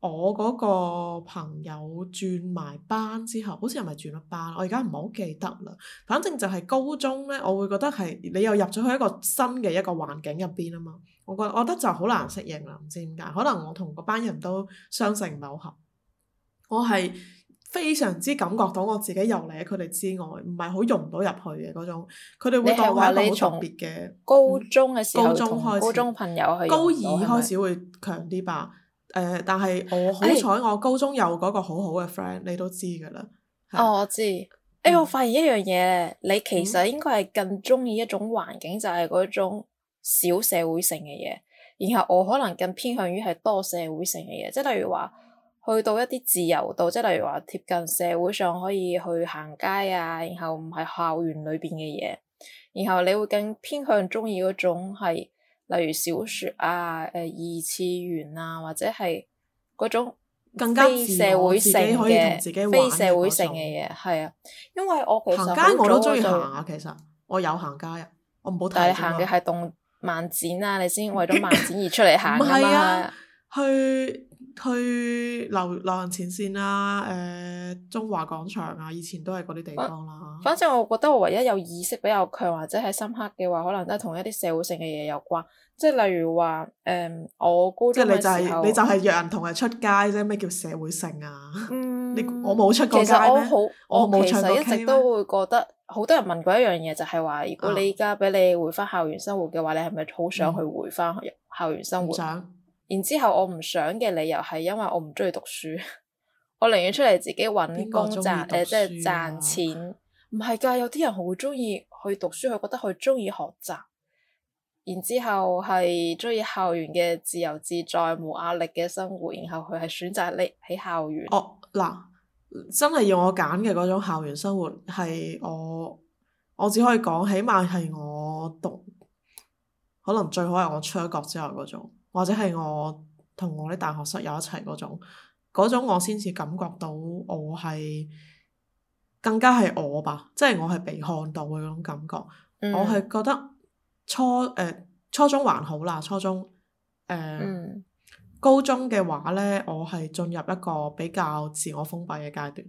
我嗰個朋友轉埋班之後，好似又咪轉咗班，我而家唔係好記得啦。反正就係高中咧，我會覺得係你又入咗去一個新嘅一個環境入邊啊嘛。我覺得我覺得就好難適應啦，唔知點解。可能我同嗰班人都相性唔係好合。我係非常之感覺到我自己遊離喺佢哋之外，唔係好融唔到入去嘅嗰種。佢哋會當我係一個好特別嘅。高中嘅時候，高中開始，高中，高中朋友，高二開始會強啲吧。誒，但係我好彩，我高中有嗰個好好嘅 friend，欸、你都知㗎啦。哦，我知。誒、欸，我發現一樣嘢，嗯、你其實應該係更中意一種環境，就係、是、嗰種小社會性嘅嘢。然後我可能更偏向於係多社會性嘅嘢，即係例如話去到一啲自由度，即係例如話貼近社會上可以去行街啊，然後唔係校園裏邊嘅嘢。然後你會更偏向中意嗰種係。例如小說啊、誒二次元啊，或者係嗰種更加非社會性嘅、自自己自己非社會性嘅嘢，係啊。因為我其實行街我都中意行啊，其實我有行街啊，我唔好睇。但係行嘅係動漫展啊，你先為咗漫展而出嚟行 啊去。去流流行前線啦、啊，誒、呃、中華廣場啊，以前都係嗰啲地方啦、啊。反正我覺得我唯一有意識比較強或者係深刻嘅話，可能都係同一啲社會性嘅嘢有關，即係例如話誒、嗯，我高中嘅時候你就係、是、約人同佢出街啫，咩叫社會性啊？嗯、你我冇出過街咩？其實我好，我其實我一直都會覺得好、嗯、多人問過一樣嘢，就係話，如果你依家俾你回翻校園生活嘅話，你係咪好想去回翻校園生活？嗯、唔想。然之後，我唔想嘅理由係因為我唔中意讀書， 我寧願出嚟自己揾工賺，誒、呃、即係賺錢。唔係㗎，有啲人好中意去讀書，佢覺得佢中意學習。然之後係中意校園嘅自由自在、冇壓力嘅生活，然後佢係選擇你喺校園。哦，嗱，真係要我揀嘅嗰種校園生活係我，我只可以講，起碼係我讀，可能最好係我出咗國之後嗰種。或者係我同我啲大學室友一齊嗰種，嗰種我先至感覺到我係更加係我吧，即係我係被看到嘅嗰種感覺。嗯、我係覺得初誒、呃、初中還好啦，初中誒、呃嗯、高中嘅話咧，我係進入一個比較自我封閉嘅階段。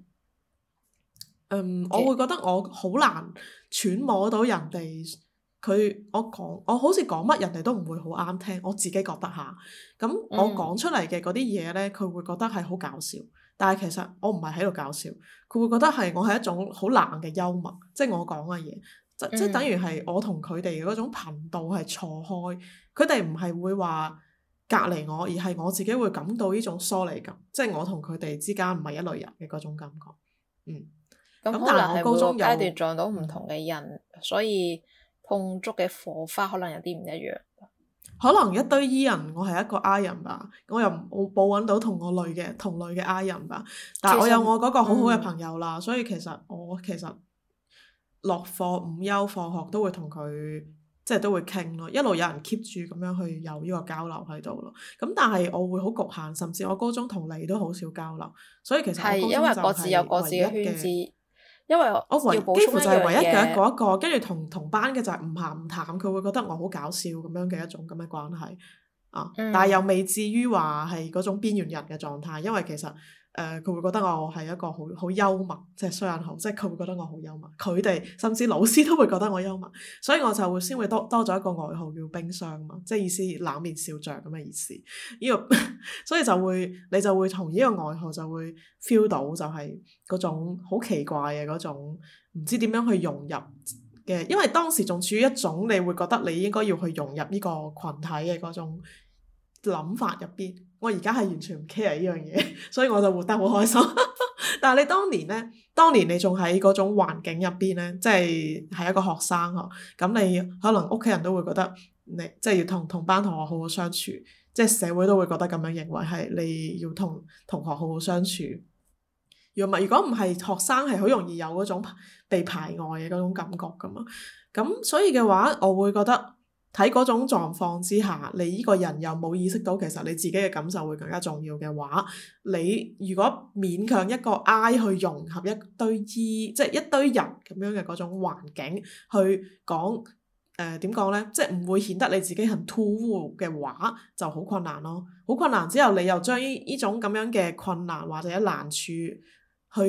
嗯，我會覺得我好難揣摩到人哋。佢我講我好似講乜人哋都唔會好啱聽，我自己覺得吓。咁我講出嚟嘅嗰啲嘢咧，佢會覺得係好搞笑。但係其實我唔係喺度搞笑，佢會覺得係我係一種好冷嘅幽默，即係我講嘅嘢，即即等於係我同佢哋嗰種頻道係錯開。佢哋唔係會話隔離我，而係我自己會感到呢種疏離感，即係我同佢哋之間唔係一類人嘅嗰種感覺。嗯，咁可能係每階段撞到唔同嘅人，所以。共足嘅火花可能有啲唔一樣。可能一堆 E 人，我係一個 I 人吧，我又冇揾到同我類嘅同類嘅 I 人吧。但係我有我嗰個好好嘅朋友啦，嗯、所以其實我其實落課午休放學都會同佢即係都會傾咯，一路有人 keep 住咁樣去有呢個交流喺度咯。咁但係我會好局限，甚至我高中同你都好少交流，所以其實係因為各自有各自嘅圈子。因為我，我唯幾乎就係唯一嘅一,一個一個，跟住同同班嘅就係唔鹹唔淡，佢會覺得我好搞笑咁樣嘅一種咁嘅關係啊，嗯、但係又未至於話係嗰種邊緣人嘅狀態，因為其實。誒，佢、呃、會覺得我係一個好好幽默，即係雙引號，即係佢會覺得我好幽默。佢哋甚至老師都會覺得我幽默，所以我就會先會多多咗一個外號叫冰箱嘛，即係意思冷面笑將笑匠咁嘅意思。呢、這個 所以就會你就會同呢個外號就會 feel 到就係嗰種好奇怪嘅嗰種唔知點樣去融入嘅，因為當時仲處於一種你會覺得你應該要去融入呢個群體嘅嗰種諗法入邊。我而家係完全唔 care 呢樣嘢，所以我就活得好開心。 但係你當年呢，當年你仲喺嗰種環境入邊呢，即係係一個學生呵，咁你可能屋企人都會覺得你即係、就是、要同同班同學好好相處，即、就、係、是、社會都會覺得咁樣認為係你要同同學好好相處。如果唔，如果唔係學生，係好容易有嗰種被排外嘅嗰種感覺噶嘛。咁所以嘅話，我會覺得。睇嗰種狀況之下，你依個人又冇意識到其實你自己嘅感受會更加重要嘅話，你如果勉強一個 I 去融合一堆 E，即係一堆人咁樣嘅嗰種環境去講，誒點講咧？即係唔會顯得你自己係突兀嘅話，就好困難咯，好困難。之後你又將依依種咁樣嘅困難或者難處，去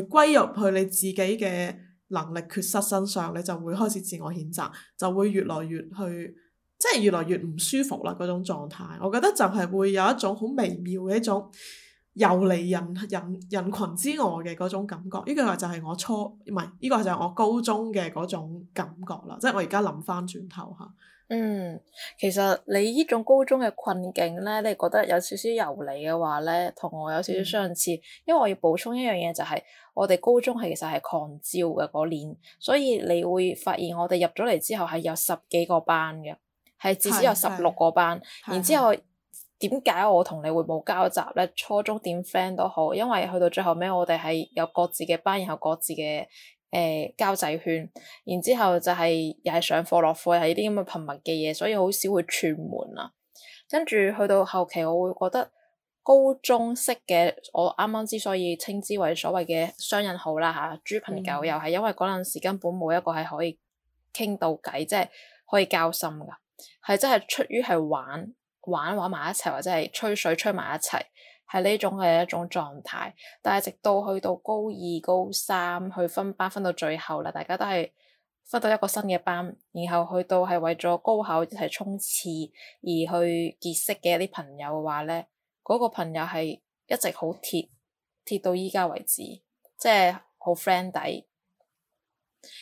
歸入去你自己嘅能力缺失身上，你就會開始自我譴責，就會越來越去。即係越來越唔舒服啦，嗰種狀態，我覺得就係會有一種好微妙嘅一種遊離人人人群之外嘅嗰種感覺。呢、呢個就係我初，唔係，呢個就係我高中嘅嗰種感覺啦。即係我而家諗返轉頭吓，嗯，其實你呢種高中嘅困境咧，你覺得有少少遊離嘅話咧，同我有少少相似。嗯、因為我要補充一樣嘢就係、是，我哋高中係其實係擴招嘅嗰年，所以你會發現我哋入咗嚟之後係有十幾個班嘅。係至少有十六個班，是是然之後點解是我同你會冇交集咧？初中點 friend 都好，因為去到最後尾，我哋係有各自嘅班，然後各自嘅誒、呃、交際圈，然之後就係又係上課、落課，又係呢啲咁嘅頻密嘅嘢，所以好少會串門啊。跟住去到後期，我會覺得高中識嘅，我啱啱之所以稱之為所謂嘅雙引號啦吓、啊，豬朋狗友又係因為嗰陣時根本冇一個係可以傾到偈，即係可以交心噶。係真係出於係玩玩玩，埋一齊，或者係吹水吹埋一齊，係呢種嘅一種狀態。但係直到去到高二、高三去分班分到最後啦，大家都係分到一個新嘅班，然後去到係為咗高考一齊衝刺而去結識嘅一啲朋友嘅話咧，嗰個朋友係一直好鐵，鐵到依家為止，即係好 friend 底。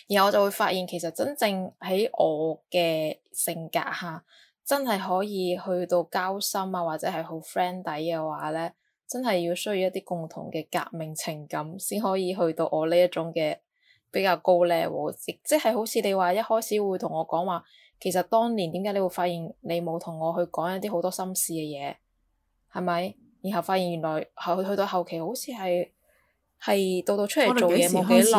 然後我就會發現，其實真正喺我嘅性格下，真係可以去到交心啊，或者係好 friend 底嘅話呢，真係要需要一啲共同嘅革命情感，先可以去到我呢一種嘅比較高 level，即係好似你話一開始會同我講話，其實當年點解你會發現你冇同我去講一啲好多心事嘅嘢，係咪？然後發現原來後去到後期好似係。係到到出嚟做嘢冇幾耐。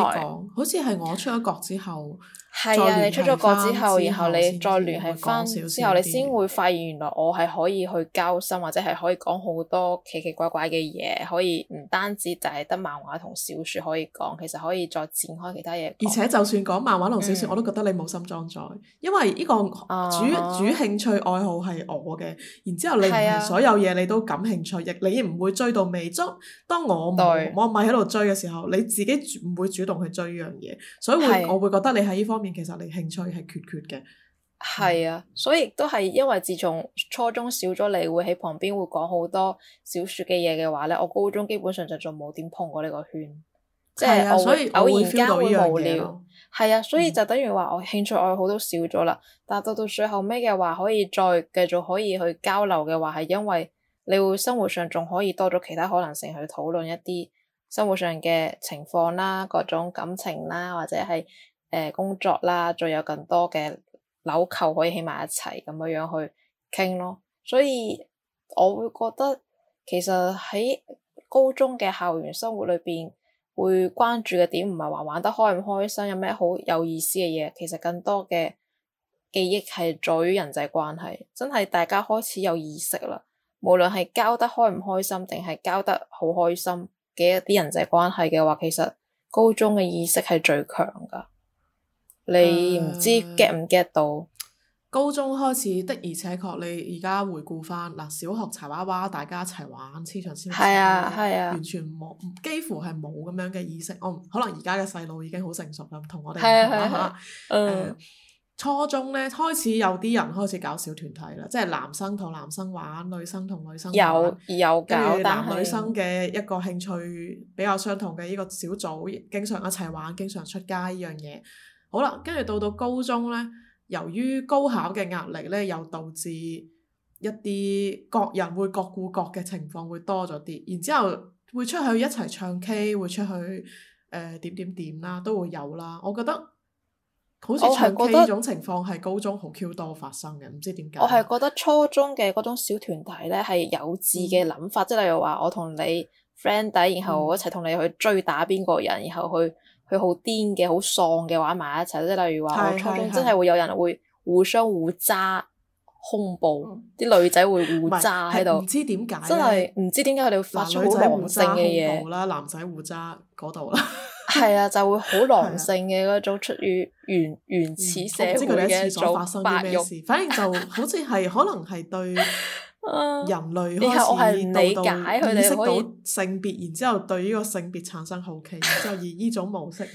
好似係我出咗國之後。係啊，你出咗國之後點點，然後你再聯繫翻之後，你先會發現原來我係可以去交心，或者係可以講好多奇奇怪怪嘅嘢，可以唔單止就係得漫畫同小說可以講，其實可以再展開其他嘢。而且就算講漫畫同小說，嗯、我都覺得你冇心裝載，因為呢個主、啊、主興趣愛好係我嘅，然之後你唔係所有嘢你都感興趣，亦你唔會追到尾足。當我唔對我唔係喺度追嘅時候，你自己唔會主動去追呢樣嘢，所以會是我會覺得你喺呢方。其實你興趣係缺缺嘅，係啊，所以都係因為自從初中少咗，你會喺旁邊會講好多小說嘅嘢嘅話咧，我高中基本上就仲冇點碰過呢個圈，即係、啊、我偶然間會無聊，係、嗯、啊，所以就等於話我興趣愛好都少咗啦。但係到到最後尾嘅話，可以再繼續可以去交流嘅話，係因為你會生活上仲可以多咗其他可能性去討論一啲生活上嘅情況啦，各種感情啦，或者係。誒工作啦，仲有更多嘅紐扣可以起埋一齊咁樣樣去傾咯，所以我會覺得其實喺高中嘅校園生活裏邊會關注嘅點唔係話玩得開唔開心，有咩好有意思嘅嘢，其實更多嘅記憶係在於人際關係，真係大家開始有意識啦。無論係交得開唔開心，定係交得好開心嘅一啲人際關係嘅話，其實高中嘅意識係最強噶。你唔知 get 唔 get 到？嗯、高中開始的而且確，你而家回顧翻嗱，小學柴娃娃大家一齊玩，黐常、非常，係啊，係啊，完全冇，幾乎係冇咁樣嘅意識。我、嗯、可能而家嘅細路已經好成熟啦，同我哋唔同啦，初中咧開始有啲人開始搞小團體啦，即係男生同男生玩，女生同女生玩有有搞住女生嘅一個興趣比較相同嘅呢個小組，經常一齊玩，經常出街呢樣嘢。好啦，跟住到到高中咧，由於高考嘅壓力咧，又導致一啲各人會各顧各嘅情況會多咗啲，然之後會出去一齊唱 K，會出去誒、呃、點點點啦，都會有啦。我覺得好似唱 K 呢種情況係高中好 Q 多發生嘅，唔知點解。我係覺得初中嘅嗰種小團體咧係有志嘅諗法，即係、嗯、例如話我同你 friend 底，然後我一齊同你去追打邊個人，嗯、然後去。佢好癲嘅，好喪嘅玩埋一齊，即係例如話，我初中真係會有人會互相互揸胸部，啲女仔會互揸喺度，唔知點解，真係唔知點解佢哋會發出好狼性嘅嘢啦，男仔互揸嗰度啦，係啊，就會好狼性嘅嗰種出於原原始社會嘅一種發育，反正就好似係可能係對。人類開始到認識到性別，然之後對呢個性別產生好奇， 然之後以呢種模式去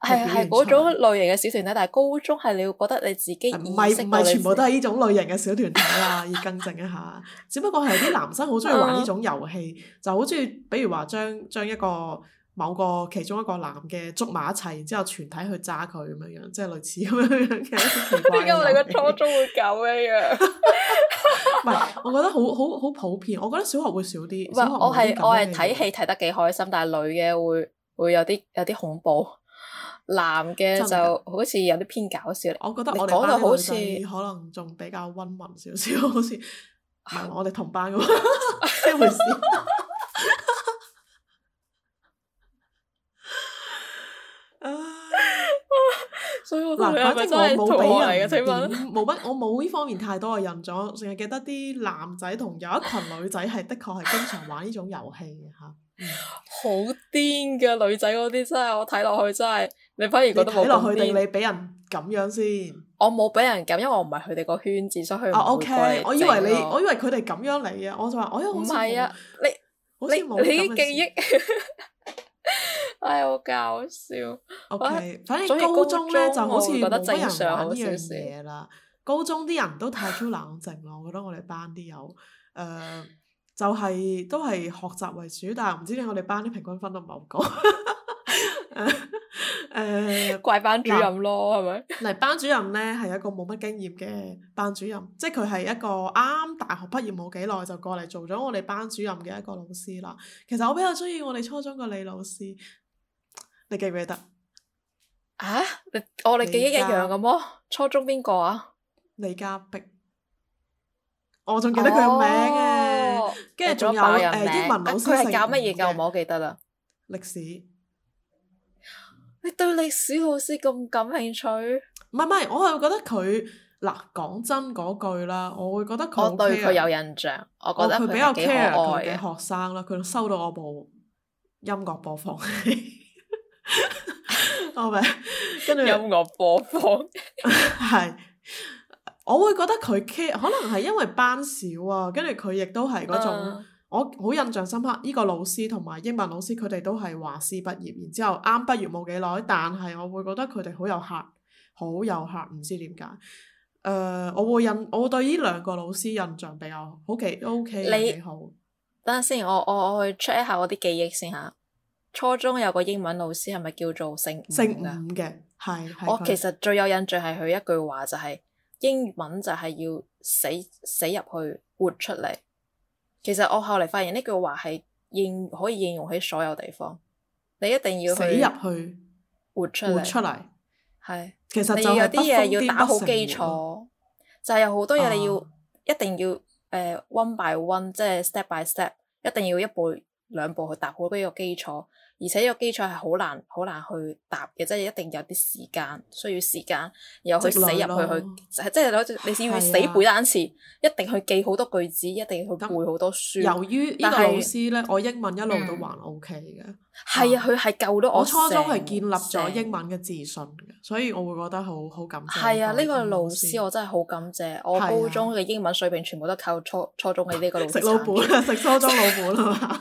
係係嗰種類型嘅小團體，但係高中係你會覺得你自己唔係唔係全部都係呢種類型嘅小團體啦，要 更正一下。只不過係啲男生好中意玩呢種遊戲，就好中意，比如話將將一個。某個其中一個男嘅捉埋一齊，然之後全體去揸佢咁樣樣，即係類似咁樣樣嘅。點解我哋嘅初中會搞一樣？唔係， 我覺得好好好普遍。我覺得小學會少啲。唔係不，我係我係睇戲睇得幾開心，但係女嘅會會有啲有啲恐怖，男嘅就好似有啲偏搞笑。的我覺得我講到好似可能仲比較溫文少少，好似我哋同班咁啊，一回嗱，反正我冇俾人點，冇乜，我冇呢方面太多嘅印象，淨係記得啲男仔同有一群女仔係的確係經常玩呢種遊戲嘅嚇。嗯、好癲嘅女仔嗰啲真係，我睇落去真係，你反而覺得好癲。睇落去定你俾人咁樣先？我冇俾人咁，因為我唔係佢哋個圈子，所以唔會過嚟、啊 okay，我以為你，我以為佢哋咁樣嚟嘅。我就話、哎、我又唔係啊，你，好似冇你啲記憶。 唉、哎，好搞笑。O Okay , K，反正高中咧就好似冇乜人玩呢樣嘢啦。高中啲人都太超冷靜咯，我覺得我哋班啲有，誒、呃，就係、是、都係學習為主，但係唔知點解我哋班啲平均分都唔係好高。誒、 呃，怪班主任但咯，係咪？嗱，班主任咧係一個冇乜經驗嘅班主任， 即係佢係一個啱大學畢業冇幾耐就過嚟做咗我哋班主任嘅一個老師啦。其實我比較中意我哋初中嘅李老師。你記唔記得？啊！你我哋家、哦、記憶一樣嘅麼？初中邊個啊？李家碧，我仲記得佢嘅名嘅、啊，跟住仲有誒、呃、英文老師、啊。佢係教乜嘢嘅？啊、我唔好記得啦。歷史，你對歷史老師咁感興趣？唔係唔係，我係覺得佢嗱講真嗰句啦，我會覺得佢對佢有印象，我覺得佢比較 care 佢嘅學生啦。佢收到我部音樂播放器。 我跟住音樂播放系， 我會覺得佢 care，可能係因為班少啊。跟住佢亦都係嗰種，uh, 我好印象深刻。呢、這個老師同埋英文老師，佢哋都係華師畢業，然之後啱畢業冇幾耐，但係我會覺得佢哋好有客，好有客，唔知點解。誒、呃，我會印，我對呢兩個老師印象比較好，奇都奇，okay, 你好。等下先，我我我去 check 一下我啲記憶先吓。初中有個英文老師係咪叫做姓姓伍嘅？係，我其實最有印象係佢一句話就係：英文就係要死死入去，活出嚟。其實我後嚟發現呢句話係應可以應用喺所有地方。你一定要死入去，活出嚟。活出嚟係。其實就你有啲嘢要打好基礎，啊、就係有好多嘢你要一定要誒、呃、one by one，即係 step by step，一定要一步兩步去打好呢個基礎。而且呢個基礎係好難，好難去答嘅，即係一定有啲時間，需要時間，然後去死入去去，即係攞你先要死背單詞，一定去記好多句子，一定去背好多書。由於呢個老師咧，我英文一路都還 OK 嘅。係啊，佢係救到我初中係建立咗英文嘅自信嘅，所以我會覺得好好感謝。係啊，呢個老師我真係好感謝。我高中嘅英文水平全部都靠初初中嘅呢個老師。食老本，食初中老本啦。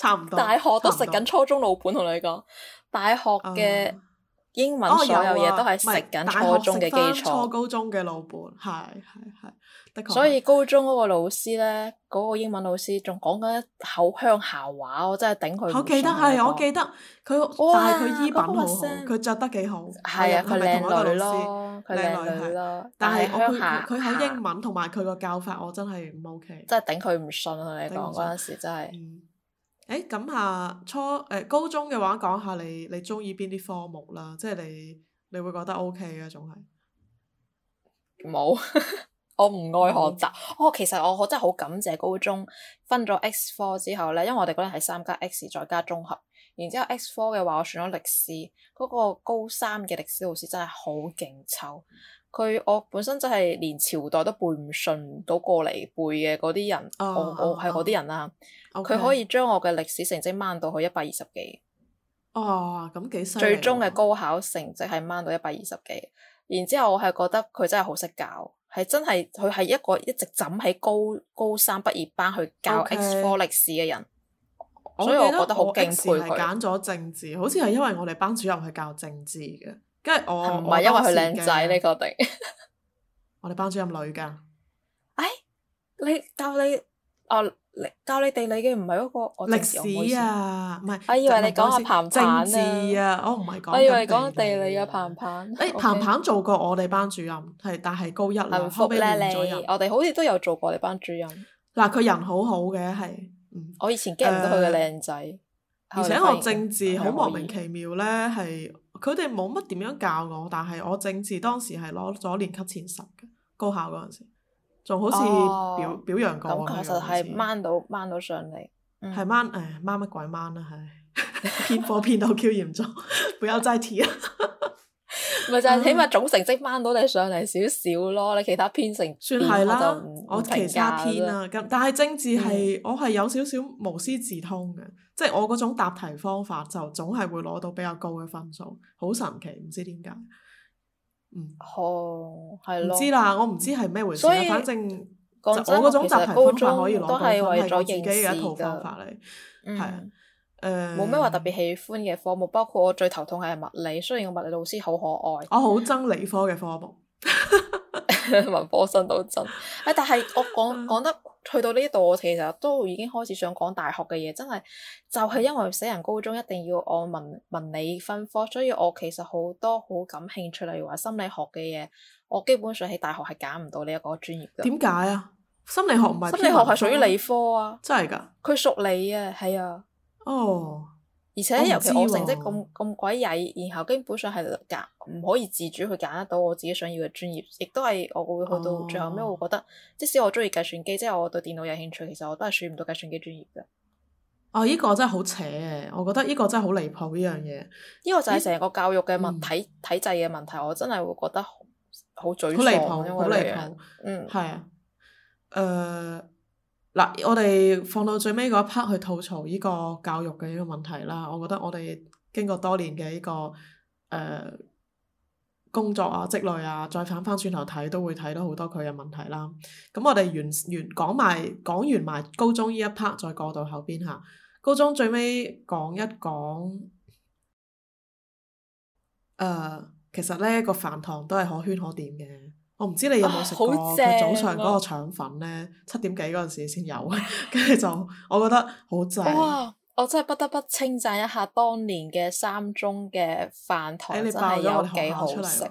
差唔多，大學都食緊初中老本。同你講，大學嘅英文所有嘢都係食緊初中嘅基礎，初高中嘅老本。係係係，所以高中嗰個老師咧，嗰個英文老師仲講緊一口鄉下話，我真係頂佢。我記得係，我記得佢，但係佢衣品好，佢着得幾好。係啊，佢係同一個女老師，佢靚女咯。但係佢佢喺英文同埋佢個教法，我真係唔 OK。真係頂佢唔順，同你講嗰陣時真係。誒咁下初誒、呃、高中嘅話，講下你你中意邊啲科目啦？即係你你會覺得 O K 嘅仲係冇，沒有 我唔愛學習。嗯、哦，其實我我真係好感謝高中分咗 X 科之後咧，因為我哋嗰陣係三加 X 再加綜合。然之後 X 科嘅話，我選咗歷史，嗰、那個高三嘅歷史老師真係好勁抽。嗯佢我本身就係連朝代都背唔順到過嚟背嘅嗰啲人，oh, 我我係嗰啲人啦。佢、oh. oh. 可以將我嘅歷史成績掹到去一百二十幾。哦、oh, 咁幾犀利。最終嘅高考成績係掹到一百二十幾。然之後我係覺得佢真係好識教，係真係佢係一個一直枕喺高高三畢業班去教 X 科歷 Okay. 史嘅人。所以我覺得好敬佩。揀咗、okay. okay. 政治，好似係因為我哋班主任係教政治嘅。跟住我唔係因為佢靚仔，你確定？我哋班主任女噶哎，你教你哦，你教你地理嘅，唔係嗰個我歷史啊，唔係。我以為你講阿彭政治啊，我唔係講。我以為你講地理啊，彭彭。哎，彭彭做過我哋班主任，係但係高一啦，後屘換咗人。我哋好似都有做過你班主任。嗱，佢人好好嘅，係。我以前 get 唔到佢嘅靚仔，而且我政治好莫名其妙咧，係。佢哋冇乜點樣教我，但係我政治當時係攞咗年級前十嘅，高考嗰陣時仲好似表、oh, 表揚過我咁。其實係掹到掹到上嚟，係掹誒掹乜鬼掹啦，係偏科偏到 Q 嚴重，不要再提啦。咪就係起碼總成績掹到你上嚟少少咯，你其他偏成算係啦，我，我其他偏啦咁。但係政治係 我係有少少無師自通嘅。嗯即係我嗰種答題方法就總係會攞到比較高嘅分數，好神奇，唔知點解。嗯，哦，係咯，唔知啦，我唔知係咩回事，以反正我嗰那種實答題方法可以攞高分，都係為咗自己嘅一套方法嚟。係啊、嗯，誒，冇咩話特別喜歡嘅科目，包括我最頭痛係物理，雖然我物理老師好可愛，我好憎理科嘅科目， 文科生都憎，誒， 但係我講講得。 去到呢度，我其實都已經開始想講大學嘅嘢，真係就係因為死人高中一定要按文文理分科，所以我其實好多好感興趣，例如話心理學嘅嘢，我基本上喺大學係揀唔到呢一個專業嘅。點解啊？嗯、心理學唔係，心理學係屬於理科啊！真係㗎？佢屬理啊，係啊。哦、oh. 嗯。而且尤其我成績咁咁鬼曳，然後基本上係揀唔可以自主去揀得到我自己想要嘅專業，亦都係我會去到最後屘。我覺得即使我中意計算機，即係我對電腦有興趣，其實我都係選唔到計算機專業嘅。哦，呢個真係好扯，我覺得呢個真係好離譜呢樣嘢。呢個就係成個教育嘅問題，體制嘅問題，我真係會覺得好沮喪，好離譜，嗯，係啊，誒。嗱，我哋放到最尾嗰一 part 去吐槽呢個教育嘅呢個問題啦。我覺得我哋經過多年嘅呢、呢個誒、呃、工作啊、積累啊，再反返轉頭睇，都會睇到好多佢嘅問題啦。咁、嗯、我哋完完講埋講完埋高中呢一 part，再過到後邊嚇。高中最尾講一講誒、呃，其實咧、呢個飯堂都係可圈可點嘅。我唔知你有冇食過早上嗰個腸粉咧，七點幾嗰陣時先有，跟 住就我覺得好正。哇！我真係不得不稱讚一下當年嘅三中嘅飯堂真，真係有幾好食。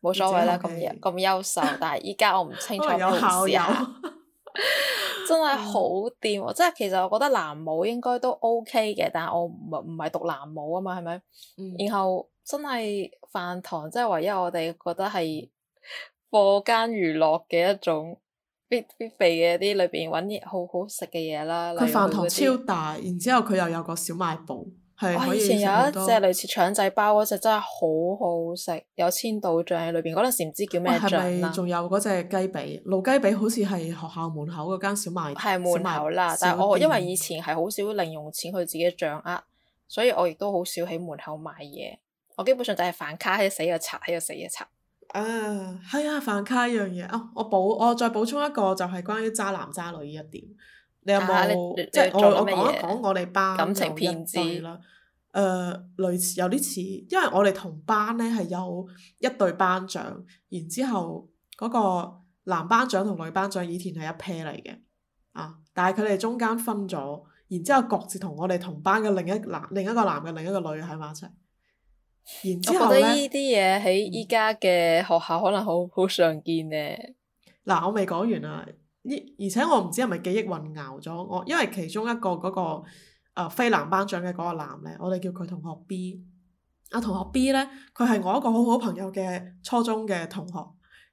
冇所謂啦，咁咁、嗯嗯、優秀，但係依家我唔清楚有陣時嚇。嘗嘗 真係好掂，即係 其實我覺得南武應該都 OK 嘅，但係我唔唔係讀南武啊嘛，係咪？嗯、然後真係飯堂，即、就、係、是、唯一我哋覺得係。課間娛樂嘅一種必必備嘅啲裏邊揾啲好好食嘅嘢啦，佢飯堂超大，然之後佢又有個小賣部，係可以。以前有一隻類似腸仔包嗰隻真係好好食，有千島醬喺裏邊。嗰陣時唔知叫咩醬啦。仲有嗰隻雞髀，滷雞髀好似係學校門口嗰間小賣部。係門口啦，小賣部。但係我因為以前係好少零用錢去自己掌握，所以我亦都好少喺門口買嘢。我基本上就係飯卡喺度死又刷喺度死又刷。啊，係啊，飯卡一樣嘢。哦、啊，我補，我再補充一個就係關於渣男渣女呢一點。你有冇？啊、即係我我講一講我哋班感情騙子啦。誒、呃，類似有啲似，因為我哋同班咧係有一對班長，然之後嗰個男班長同女班長以前係一 pair 嚟嘅。啊，但係佢哋中間分咗，然之後各自同我哋同班嘅另一男另一個男嘅另一個女喺埋一齊。然後我覺得呢啲嘢喺依家嘅學校可能好好常見呢。嗱，我未講完啊！依而且我唔知係咪記憶混淆咗我，因為其中一個嗰、嗰個誒、呃、非男班長嘅嗰個男咧，我哋叫佢同學 B。阿同學 B 咧，佢係我一個好好朋友嘅初中嘅同學。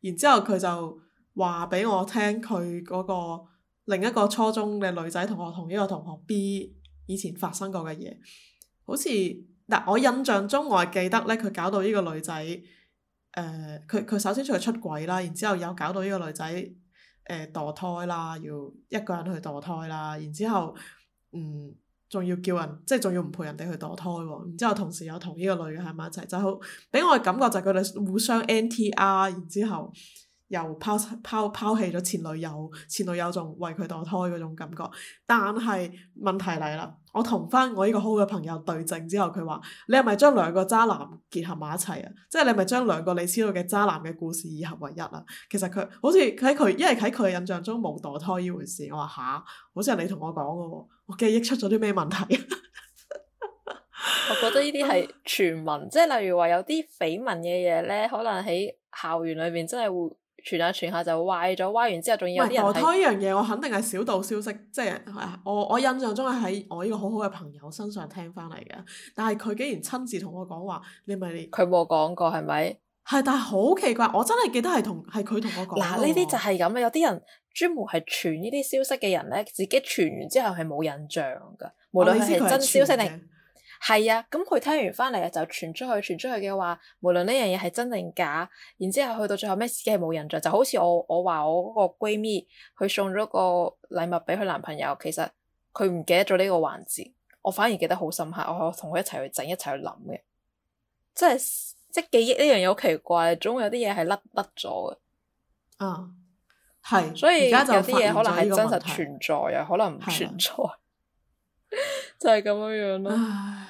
然之後佢就話俾我聽佢嗰個另一個初中嘅女仔同學同呢個同學 B 以前發生過嘅嘢，好似。但我印象中我係記得咧，佢搞到呢個女仔，誒、呃，佢佢首先出去出軌啦，然之後又搞到呢個女仔誒墮胎啦，要一個人去墮胎啦，然之後嗯，仲要叫人即係仲要唔陪人哋去墮胎喎，然之後同時又同呢個女嘅喺埋一齊，就好、是，俾我嘅感覺就係佢哋互相 NTR，然之後。又拋拋拋棄咗前女友，前女友仲為佢墮胎嗰種感覺，但係問題嚟啦！我同翻我呢個好嘅朋友對證之後，佢話：你係咪將兩個渣男結合埋一齊啊？即係你係咪將兩個你知道嘅渣男嘅故事以合為一啊？其實佢好似喺佢，因為喺佢印象中冇墮胎呢回事。我話吓、啊，好似係你同我講嘅喎，我記憶出咗啲咩問題 我覺得呢啲係傳聞，即係 例如話有啲緋聞嘅嘢咧，可能喺校園裏面真係會。傳下傳下就歪咗，歪完之後仲要有啲人。唔係，拖拖呢樣嘢，我肯定係小道消息，即係我我印象中係喺我呢個好好嘅朋友身上聽翻嚟嘅，但係佢竟然親自同我講話，你咪佢冇講過係咪？係，但係好奇怪，我真係記得係同係佢同我講。嗱，呢啲就係咁啦，有啲人專門係傳呢啲消息嘅人咧，自己傳完之後係冇印象噶，無論係真消息定。係啊，咁佢聽完翻嚟啊，就傳出去，傳出去嘅話，無論呢樣嘢係真定假，然之後去到最後咩自己係冇印象，就好似我我話我嗰個閨蜜，佢送咗個禮物俾佢男朋友，其實佢唔記得咗呢個環節，我反而記得好深刻，我同佢一齊去整，一齊去諗嘅，即係即記憶呢樣嘢好奇怪，總會有啲嘢係甩甩咗嘅，啊，係，啊，所以而家就有啲嘢可能係真實存在啊，可能唔存在。啊就係咁樣樣、啊、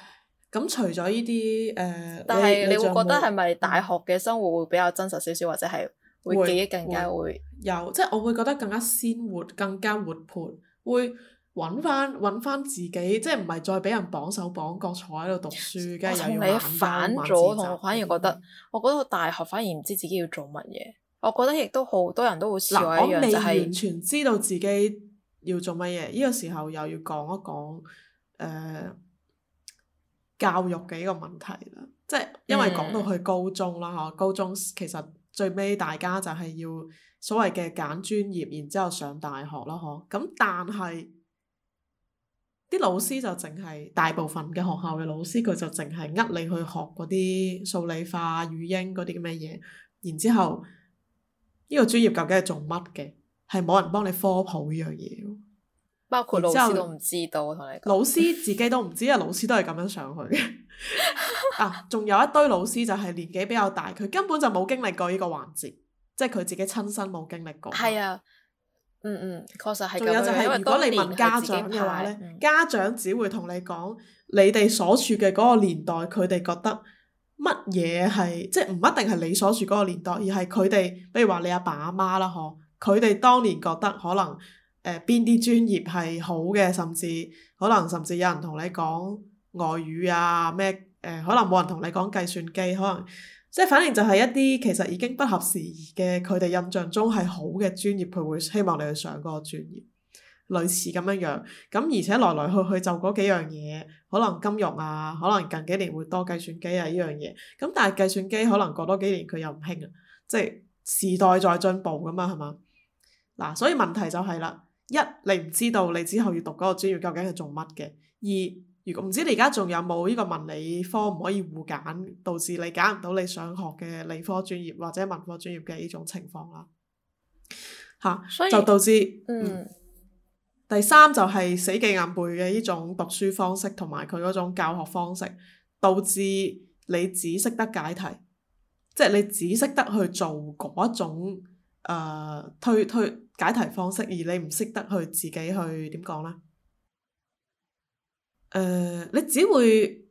咯。咁除咗呢啲誒，但係你會覺得係咪大學嘅生活會比較真實少少，或者係會記憶更加會，會，會有？即係我會覺得更加鮮活，更加活潑，會揾翻揾翻自己，即係唔係再俾人綁手綁腳坐喺度讀書，跟住又要反咗了。我反而覺得，嗯、我覺得大學反而唔知自己要做乜嘢。我覺得亦都好多人都會嗱，我未完全知道自己要做乜嘢。呢個時候又要講一講。誒、呃、教育嘅一個問題啦，即係因為講到去高中啦，嗬、嗯，高中其實最尾大家就係要所謂嘅揀專業，然之後上大學啦，嗬。咁但係啲老師就淨係大部分嘅學校嘅老師，佢就淨係呃你去學嗰啲數理化、語音嗰啲咁嘅嘢，然之後呢、嗯、個專業究竟係做乜嘅？係冇人幫你科普呢樣嘢。包括老師都唔知道，同后你講老師自己都唔知啊！ 因為老師都係咁樣上去 啊！仲有一堆老師就係年紀比較大，佢根本就冇經歷過呢個環節，即係佢自己親身冇經歷過。係啊，嗯嗯，確實係。仲有就係、是、如果你問家長嘅話咧，家長只會同你講、嗯、你哋所處嘅嗰個年代，佢哋覺得乜嘢係即係唔一定係你所處嗰個年代，而係佢哋，比如話你阿爸阿媽啦，嗬，佢哋當年覺得可能。誒邊啲專業係好嘅，甚至可能甚至有人同你講外語啊，咩誒、呃、可能冇人同你講計算機，可能即係反正就係一啲其實已經不合時宜嘅，佢哋印象中係好嘅專業，佢會希望你去上嗰個專業，類似咁樣樣。咁而且來來去去就嗰幾樣嘢，可能金融啊，可能近幾年會多計算機啊呢樣嘢。咁但係計算機可能過多幾年佢又唔興啊，即係時代在進步咁啊，係嘛？嗱、啊，所以問題就係、是、啦。一，你唔知道你之後要讀嗰個專業究竟係做乜嘅；二，如果唔知你而家仲有冇呢個文理科唔可以互揀，導致你揀唔到你想學嘅理科專業或者文科專業嘅呢種情況啦。吓。所以就導致。嗯。第三就係死記硬背嘅呢種讀書方式同埋佢嗰種教學方式，導致你只識得解題，即係你只識得去做嗰一種。誒，uh, 推推解題方式，而你唔識得去自己去點講呢？誒，uh, 你只會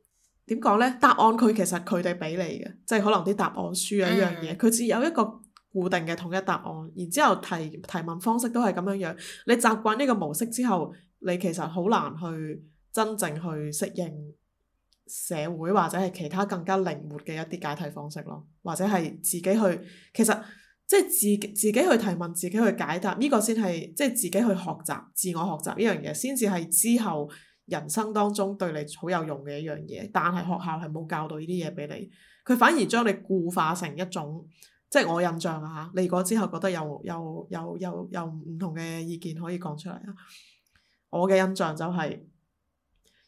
點講呢？答案佢其實佢哋俾你嘅，即係可能啲答案書一樣嘢，佢只有一個固定嘅統一答案，然之後提提問方式都係咁樣樣。你習慣呢個模式之後，你其實好難去真正去適應社會或者係其他更加靈活嘅一啲解題方式咯，或者係自己去其實。即係自己自己去提問，自己去解答，呢個先係即係自己去學習、自我學習呢樣嘢，先至係之後人生當中對你好有用嘅一樣嘢。但係學校係冇教到呢啲嘢俾你，佢反而將你固化成一種，即係我印象啊你如果之後覺得有有有有有唔同嘅意見可以講出嚟啊！我嘅印象就係，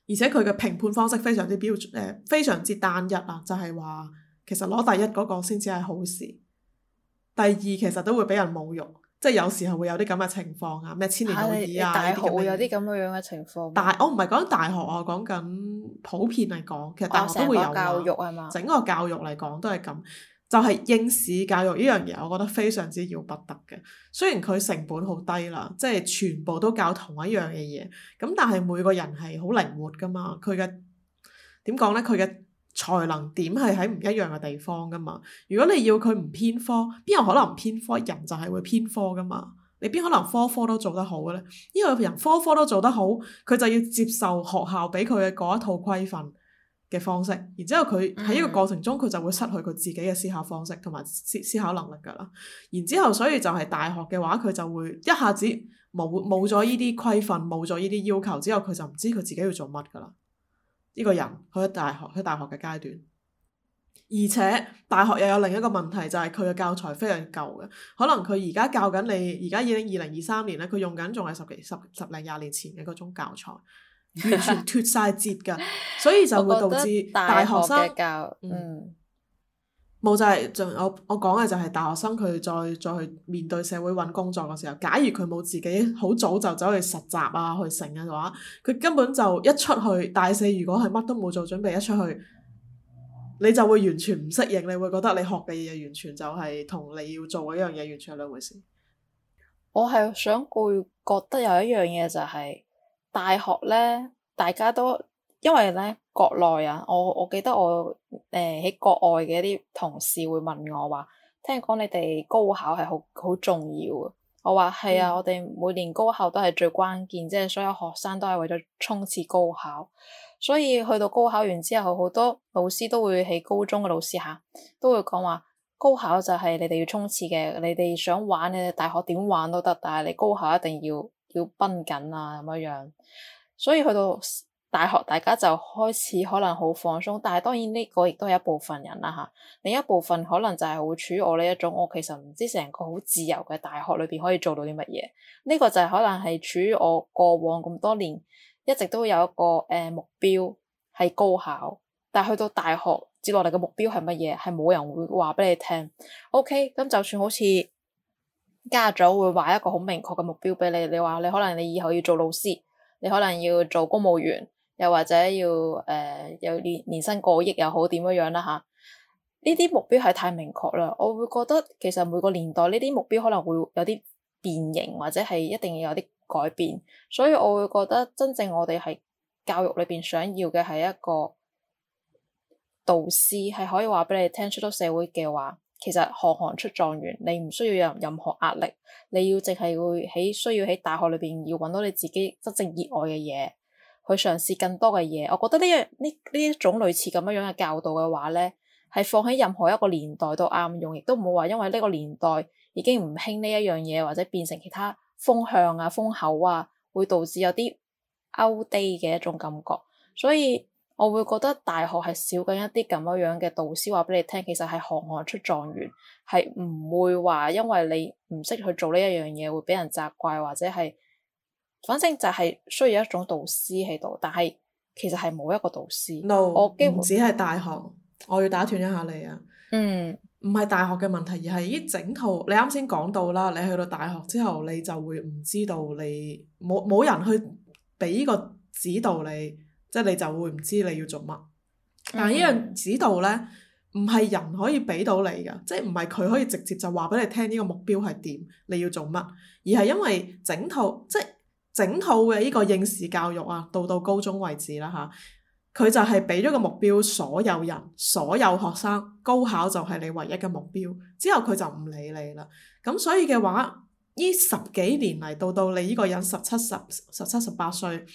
而且佢嘅評判方式非常之標準，誒非常之單一啊，就係話其實攞第一嗰個先至係好事。第二其實都會俾人侮辱，即係有時候會有啲咁嘅情況啊，咩千年老二啊，啲咁嘅。大學有啲咁嘅樣嘅情況。大我唔係講大學啊，講緊普遍嚟講，其實大學都會有教育係嘛？整個教育嚟講都係咁，就係應試教育呢樣嘢，我覺得非常之要不得嘅。雖然佢成本好低啦，即係全部都教同一樣嘅嘢，咁但係每個人係好靈活噶嘛，佢嘅點講咧，佢嘅。才能點係喺唔一樣嘅地方㗎嘛？如果你要佢唔偏科，邊有可能唔偏科？人就係會偏科㗎嘛。你邊可能科科都做得好嘅咧？呢個人科科都做得好，佢就要接受學校俾佢嘅嗰一套規範嘅方式。然之後佢喺呢個過程中，佢就會失去佢自己嘅思考方式同埋思思考能力㗎啦。然之後，所以就係大學嘅話，佢就會一下子冇冇咗呢啲規範、冇咗呢啲要求，之後佢就唔知佢自己要做乜㗎啦。呢個人佢喺大學喺大學嘅階段，而且大學又有另一個問題，就係佢嘅教材非常舊嘅，可能佢而家教緊你，而家二零二零二三年咧，佢用緊仲係十幾十幾十零廿年前嘅嗰種教材，完全 脫晒節噶，所以就會導致大學嘅 教嗯。冇就係，我我講嘅就係大學生佢再再去面對社會揾工作嘅時候，假如佢冇自己好早就走去實習啊、去成嘅話，佢根本就一出去大四，如果係乜都冇做準備一出去，你就會完全唔適應，你會覺得你學嘅嘢完全就係同你要做一樣嘢完全係兩回事。我係想會覺得有一樣嘢就係、是、大學呢，大家都。因為咧，國內啊，我我記得我誒喺國外嘅一啲同事會問我話，聽講你哋高考係好好重要啊！嗯、我話係啊，我哋每年高考都係最關鍵，即係所有學生都係為咗衝刺高考。所以去到高考完之後，好多老師都會喺高中嘅老師吓，都會講話高考就係你哋要衝刺嘅，你哋想玩你哋大學點玩都得，但係你高考一定要要繃緊啊咁樣樣。所以去到大學大家就開始可能好放鬆，但係當然呢個亦都係一部分人啦、啊、嚇。另一部分可能就係會處於我呢一種，我其實唔知成個好自由嘅大學裏邊可以做到啲乜嘢。呢、這個就係可能係處於我過往咁多年一直都有一個誒、呃、目標係高考，但係去到大學接落嚟嘅目標係乜嘢？係冇人會話俾你聽。OK，咁就算好似家長會畫一個好明確嘅目標俾你，你話你可能你以後要做老師，你可能要做公務員。又或者要誒，又年年薪過億又好點樣樣啦吓？呢啲目標係太明確啦，我會覺得其實每個年代呢啲目標可能會有啲變形，或者係一定要有啲改變。所以我會覺得真正我哋係教育裏邊想要嘅係一個導師，係可以話俾你聽，出到社會嘅話，其實行行出狀元，你唔需要有任何壓力，你要淨係會喺需要喺大學裏邊要搵到你自己真正熱愛嘅嘢。去嘗試更多嘅嘢，我覺得呢樣呢，呢一種類似咁樣樣嘅教導嘅話咧，係放喺任何一個年代都啱用，亦都唔好話因為呢個年代已經唔興呢一樣嘢，或者變成其他風向啊、風口啊，會導致有啲 outdate 嘅一種感覺。所以我會覺得大學係少緊一啲咁樣樣嘅導師話俾你聽，其實係行行出狀元，係唔會話因為你唔識去做呢一樣嘢會俾人責怪或者係。反正就係需要一種導師喺度，但係其實係冇一個導師。No，我唔止係大學。我要打斷一下你啊。嗯。唔係大學嘅問題，而係呢整套你啱先講到啦。你去到大學之後，你就會唔知道你冇冇人去俾呢個指導你，即係你就會唔知你要做乜。嗯、但係呢樣指導呢，唔係人可以俾到你嘅，即係唔係佢可以直接就話俾你聽呢個目標係點，你要做乜，而係因為整套即係整套嘅呢個應試教育啊，到到高中為止啦吓，佢、啊、就係俾咗個目標，所有人、所有學生，高考就係你唯一嘅目標。之後佢就唔理你啦。咁所以嘅話，呢十幾年嚟，到到你呢個人十七十、十十七、十八歲，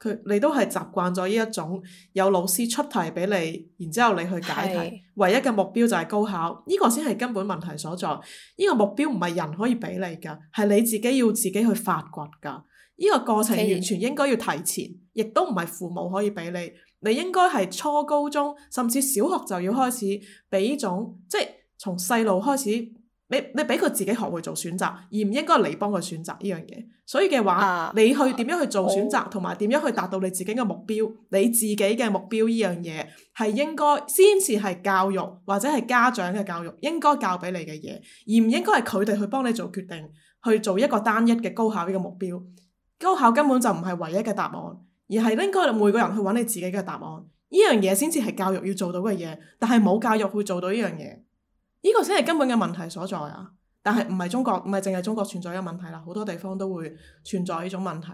佢你都係習慣咗呢一種有老師出題俾你，然之後你去解題，是唯一嘅目標就係高考。呢、呢個先係根本問題所在。呢、呢個目標唔係人可以俾你噶，係你自己要自己去發掘噶。呢個過程完全應該要提前，亦都唔係父母可以俾你。你應該係初高中，甚至小學就要開始俾種，即係從細路開始，你你俾佢自己學會做選擇，而唔應該你幫佢選擇呢樣嘢。所以嘅話，啊、你去點樣去做選擇，同埋點樣去達到你自己嘅目標，啊、你自己嘅目標呢樣嘢係應該先至係教育或者係家長嘅教育應該教俾你嘅嘢，而唔應該係佢哋去幫你做決定，去做一個單一嘅高考呢個目標。高考根本就唔係唯一嘅答案，而係應該每個人去揾你自己嘅答案。呢樣嘢先至係教育要做到嘅嘢，但係冇教育會做到呢樣嘢，呢個先係根本嘅問題所在啊！但係唔係中國，唔係淨係中國存在嘅問題啦，好多地方都會存在呢種問題。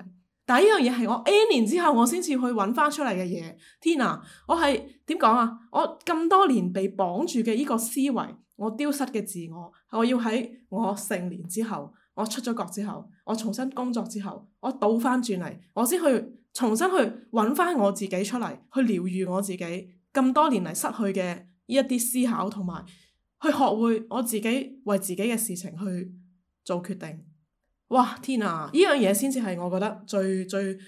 但係呢樣嘢係我 N 年之後我先至去揾翻出嚟嘅嘢。天啊！我係點講啊？我咁多年被綁住嘅呢個思維，我丟失嘅自我，我要喺我成年之後。我出咗國之後，我重新工作之後，我倒翻轉嚟，我先去重新去揾翻我自己出嚟，去療愈我自己咁多年嚟失去嘅呢一啲思考，同埋去學會我自己為自己嘅事情去做決定。哇！天啊，呢樣嘢先至係我覺得最最，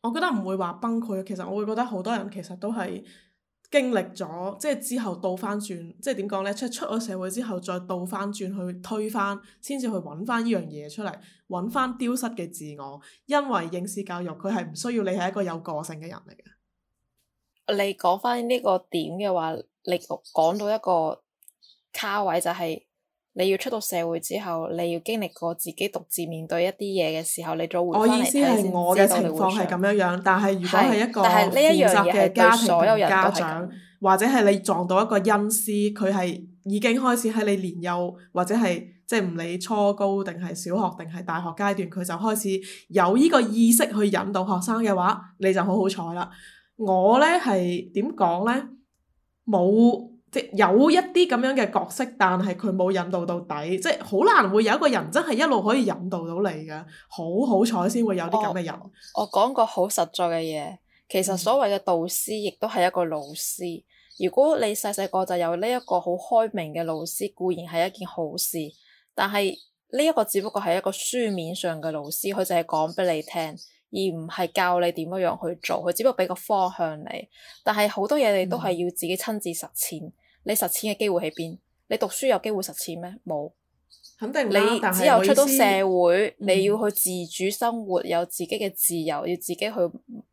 我覺得唔會話崩潰。其實我會覺得好多人其實都係。經歷咗即係之後倒翻轉，即係點講呢？即出咗社會之後再倒翻轉去推翻，先至去揾翻呢樣嘢出嚟，揾翻丟失嘅自我。因為應試教育佢係唔需要你係一個有個性嘅人嚟嘅。你講翻呢個點嘅話，你講到一個卡位就係、是。你要出到社會之後，你要經歷過自己獨自面對一啲嘢嘅時候，你再回翻嚟睇先。我意思係才 我嘅情況係咁樣樣，但係如果係一個負責嘅家庭所有人家長，或者係你撞到一個恩師，佢係已經開始喺你年幼，或者係即係唔理初高定係小學定係大學階段，佢就開始有呢個意識去引導學生嘅話，你就好好彩啦。我咧係點講咧？冇。即有一啲咁樣嘅角色，但係佢冇引導到底，即係好難會有一個人真係一路可以引導到你嘅。好好彩先會有啲咁嘅人。我講個好實在嘅嘢，其實所謂嘅導師亦都係一個老師。如果你細細個就有呢一個好開明嘅老師，固然係一件好事，但係呢一個只不過係一個書面上嘅老師，佢就係講俾你聽。而唔係教你點樣樣去做，佢只不過俾個方向你。但係好多嘢你都係要自己親自實踐。嗯、你實踐嘅機會喺邊？你讀書有機會實踐咩？冇，肯定你只有出到社會，但係你要去自主生活，嗯、有自己嘅自由，要自己去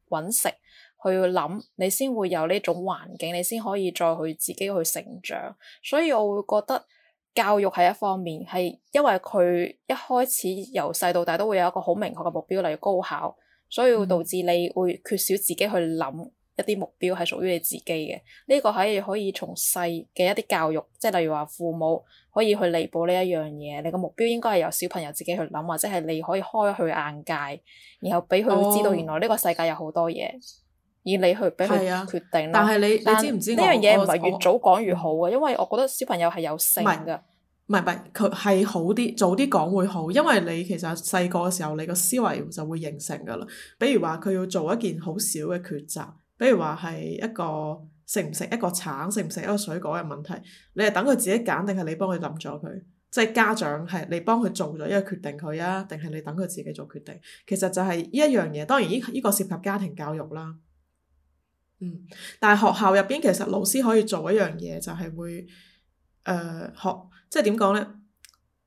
搵食，去諗，你先會有呢種環境，你先可以再去自己去成長。所以我會覺得教育係一方面，係因為佢一開始由細到大都會有一個好明確嘅目標，例如高考。所以會導致你會缺少自己去諗一啲目標係屬於你自己嘅。呢個係可以從細嘅一啲教育，即係例如話父母可以去彌補呢一樣嘢。你個目標應該係由小朋友自己去諗，或者係你可以開去眼界，然後俾佢知道原來呢個世界有好多嘢，而、哦、你去俾佢決定、啊、但係你但你知唔知呢樣嘢唔係越早講越好嘅？哦、因為我覺得小朋友係有性㗎。唔係唔係，佢係好啲，早啲講會好，因為你其實細個嘅時候，你個思維就會形成噶啦。比如話佢要做一件好小嘅抉擇，比如話係一個食唔食一個橙，食唔食一個水果嘅問題，你係等佢自己揀，定係你幫佢諗咗佢？即係家長係你幫佢做咗一個決定佢啊，定係你等佢自己做決定？其實就係呢一樣嘢，當然呢呢個涉及家庭教育啦。嗯，但係學校入邊其實老師可以做一樣嘢，就係會誒學。即係點講咧？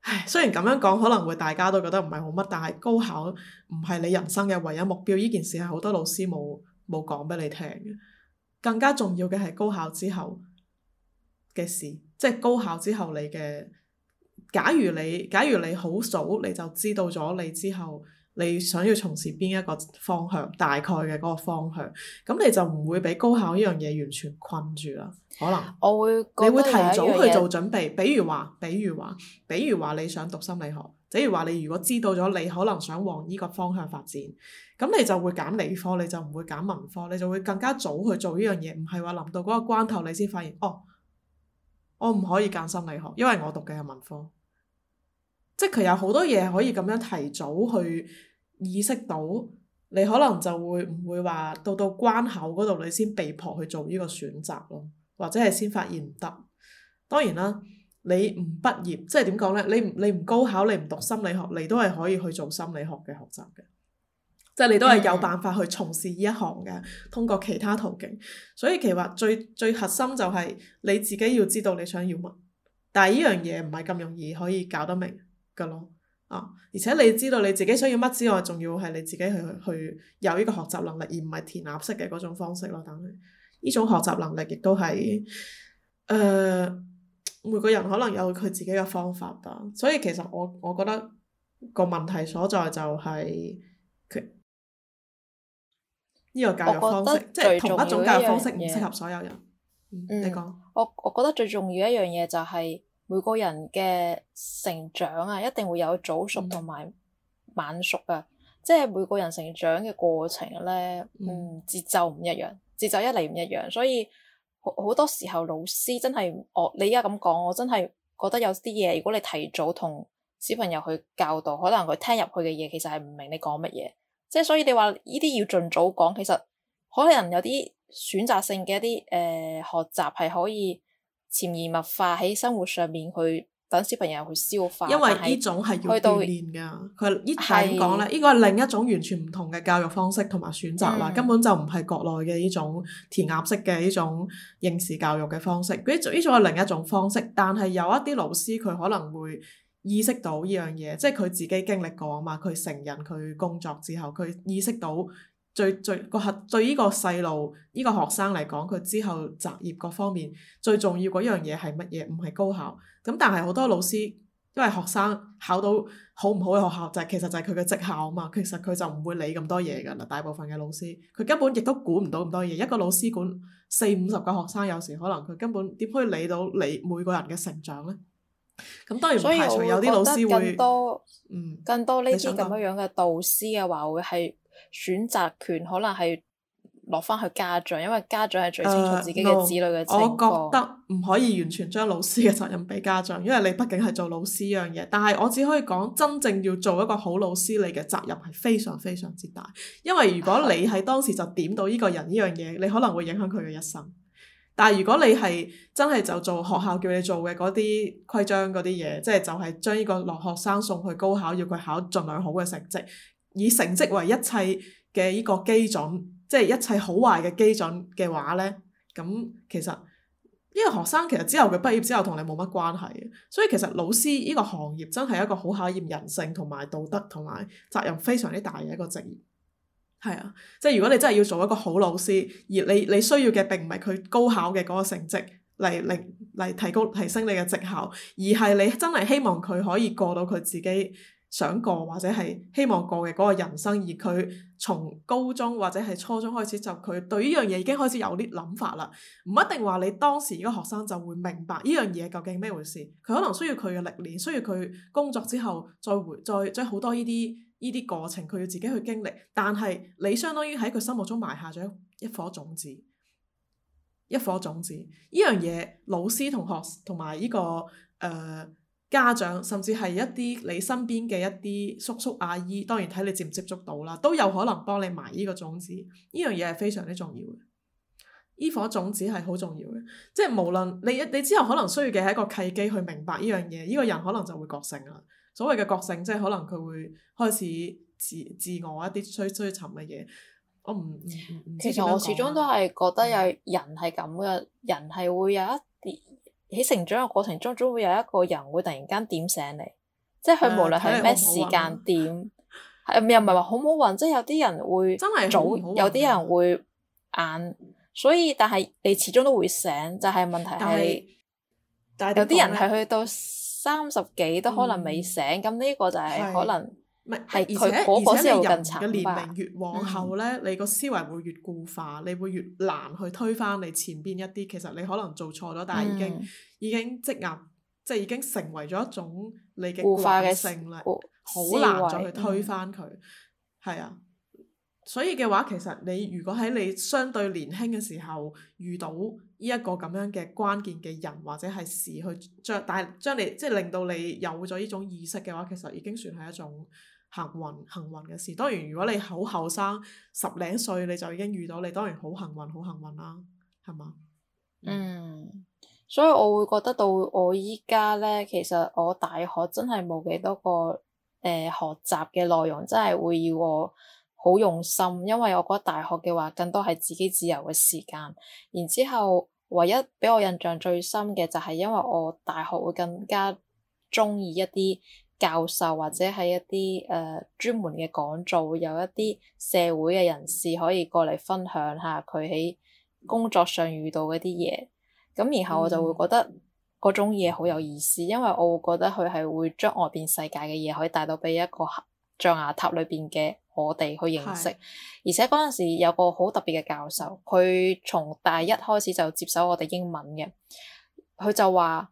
唉，雖然咁樣講可能會大家都覺得唔係好乜，但係高考唔係你人生嘅唯一目標。呢件事係好多老師冇冇講俾你聽嘅。更加重要嘅係高考之後嘅事，即係高考之後你嘅。假如你假如你好早你就知道咗你之後。你想要從事邊一個方向，大概嘅嗰個方向，咁你就唔會俾高考呢樣嘢完全困住啦。可能我會，你會提早去做準備，比如話，比如話，比如話，你想讀心理學，比如話，你如果知道咗你可能想往呢個方向發展，咁你就會揀理科，你就唔會揀文科，你就會更加早去做呢樣嘢，唔係話臨到嗰個關頭你先發現，哦，我唔可以揀心理學，因為我讀嘅係文科。即係佢有好多嘢可以咁樣提早去，意識到你可能就會唔會話到到關口嗰度，你先被迫去做呢個選擇咯，或者係先發現唔得。當然啦，你唔畢業即係點講呢？你唔你唔高考，你唔讀心理學，你都係可以去做心理學嘅學習嘅，即係你都係有辦法去從事呢一行嘅，通過其他途徑。所以其實最最核心就係你自己要知道你想要乜，但係呢樣嘢唔係咁容易可以搞得明㗎咯。啊！而且你知道你自己想要乜之外，仲要係你自己去去有呢個學習能力，而唔係填鴨式嘅嗰種方式咯。等於，呢種學習能力亦都係誒，每個人可能有佢自己嘅方法吧。所以其實我我覺得個問題所在就係、是，呢、這個教育方式即係同一種教育方式唔適合所有人。嗯、你講我，我覺得最重要一樣嘢就係、是。每個人嘅成長啊，一定會有早熟同埋晚熟啊，嗯、即係每個人成長嘅過程咧，嗯、節奏唔一樣，節奏一嚟唔一樣，所以好好多時候老師真係我你而家咁講，我真係覺得有啲嘢，如果你提早同小朋友去教導，可能佢聽入去嘅嘢其實係唔明你講乜嘢，即係所以你話呢啲要盡早講，其實可能有啲選擇性嘅一啲誒、呃、學習係可以。潛移默化喺生活上面去等小朋友去消化，因為呢種係要鍛煉噶，佢呢就咁講咧，呢個係另一種完全唔同嘅教育方式同埋選擇啦，嗯、根本就唔係國內嘅呢種填鴨式嘅呢種應試教育嘅方式，呢種呢種係另一種方式，但係有一啲老師佢可能會意識到呢樣嘢，即係佢自己經歷過啊嘛，佢成人佢工作之後佢意識到。最最個核對呢個細路呢個學生嚟講，佢之後就業各方面最重要嗰樣嘢係乜嘢？唔係高考。咁但係好多老師，因為學生考到好唔好嘅學校，就其實就係佢嘅績效啊嘛。其實佢就唔會理咁多嘢㗎啦。大部分嘅老師，佢根本亦都管唔到咁多嘢。一個老師管四五十個學生，有時可能佢根本點可以理到你每個人嘅成長呢？咁當然，所以排除有啲老師會嗯更多呢啲咁樣樣嘅導師嘅話會係。選擇權可能係落翻去家長，因為家長係最清楚自己嘅子女嘅情況，呃。我覺得唔可以完全將老師嘅責任俾家長，因為你畢竟係做老師一樣嘢。但係我只可以講，真正要做一個好老師，你嘅責任係非常非常之大。因為如果你喺當時就點到呢個人呢樣嘢，你可能會影響佢嘅一生。但係如果你係真係就做學校叫你做嘅嗰啲規章嗰啲嘢，即係就係將呢個落學生送去高考，要佢考盡量好嘅成績。以成績為一切嘅依個基準，即係一切好壞嘅基準嘅話呢。咁其實呢個學生其實之後佢畢業之後，同你冇乜關係嘅，所以其實老師呢個行業真係一個好考驗人性同埋道德同埋責任非常之大嘅一個職業。係啊，即係如果你真係要做一個好老師，而你你需要嘅並唔係佢高考嘅嗰個成績嚟嚟提高提升你嘅績效，而係你真係希望佢可以過到佢自己，想過或者係希望過嘅嗰個人生，而佢從高中或者係初中開始就佢對呢樣嘢已經開始有啲諗法啦。唔一定話你當時嗰個學生就會明白呢樣嘢究竟咩回事。佢可能需要佢嘅歷練，需要佢工作之後再回再將好多呢啲呢啲過程佢要自己去經歷。但係你相當於喺佢心目中埋下咗一顆種子，一顆種子。呢樣嘢老師同學同埋呢個誒。呃家長甚至係一啲你身邊嘅一啲叔叔阿姨，當然睇你接唔接觸到啦，都有可能幫你埋呢個種子。呢樣嘢係非常之重要嘅，依顆種子係好重要嘅。即係無論你你之後可能需要嘅係一個契機去明白呢樣嘢，呢、呢個人可能就會覺醒啦。所謂嘅覺醒，即係可能佢會開始自自我一啲追追尋嘅嘢。我唔唔其實我始終都係覺得有人係咁嘅，嗯、人係會有一啲。喺成長嘅過程中，總會有一個人會突然間點醒你，即係佢無論係咩時間點，係又唔係話好唔好運，即係有啲人會真係早，有啲人會晏，所以但係你始終都會醒，就係、是、問題係，但係有啲人係去到三十幾都可能未醒，咁呢、嗯、個就係可能。唔係，而且而且你人嘅年齡越往後呢、嗯、你個思維會越固化，你會越難去推翻你前邊一啲。其實你可能做錯咗，但係已經、嗯、已經積壓，即、就、係、是、已經成為咗一種你嘅固化嘅性啦，好難再去推翻佢。係、嗯、啊，所以嘅話，其實你如果喺你相對年輕嘅時候遇到呢一個咁樣嘅關鍵嘅人或者係事去將，但係將你即係令到你有咗呢種意識嘅話，其實已經算係一種幸運幸運嘅事，當然如果你好後生十零歲你就已經遇到你，你當然好幸運好幸運啦，係嘛？嗯，所以我會覺得到我依家咧，其實我大學真係冇幾多個誒、呃、學習嘅內容，真係會要我好用心，因為我覺得大學嘅話更多係自己自由嘅時間。然之後唯一俾我印象最深嘅就係，因為我大學會更加中意一啲。教授或者喺一啲誒、呃、專門嘅講座，會有一啲社會嘅人士可以過嚟分享下佢喺工作上遇到嗰啲嘢，咁然後我就會覺得嗰種嘢好有意思，因為我會覺得佢係會將外邊世界嘅嘢可以帶到俾一個象牙塔裏邊嘅我哋去認識，是而且嗰陣時有個好特別嘅教授，佢從大一開始就接手我哋英文嘅，佢就話。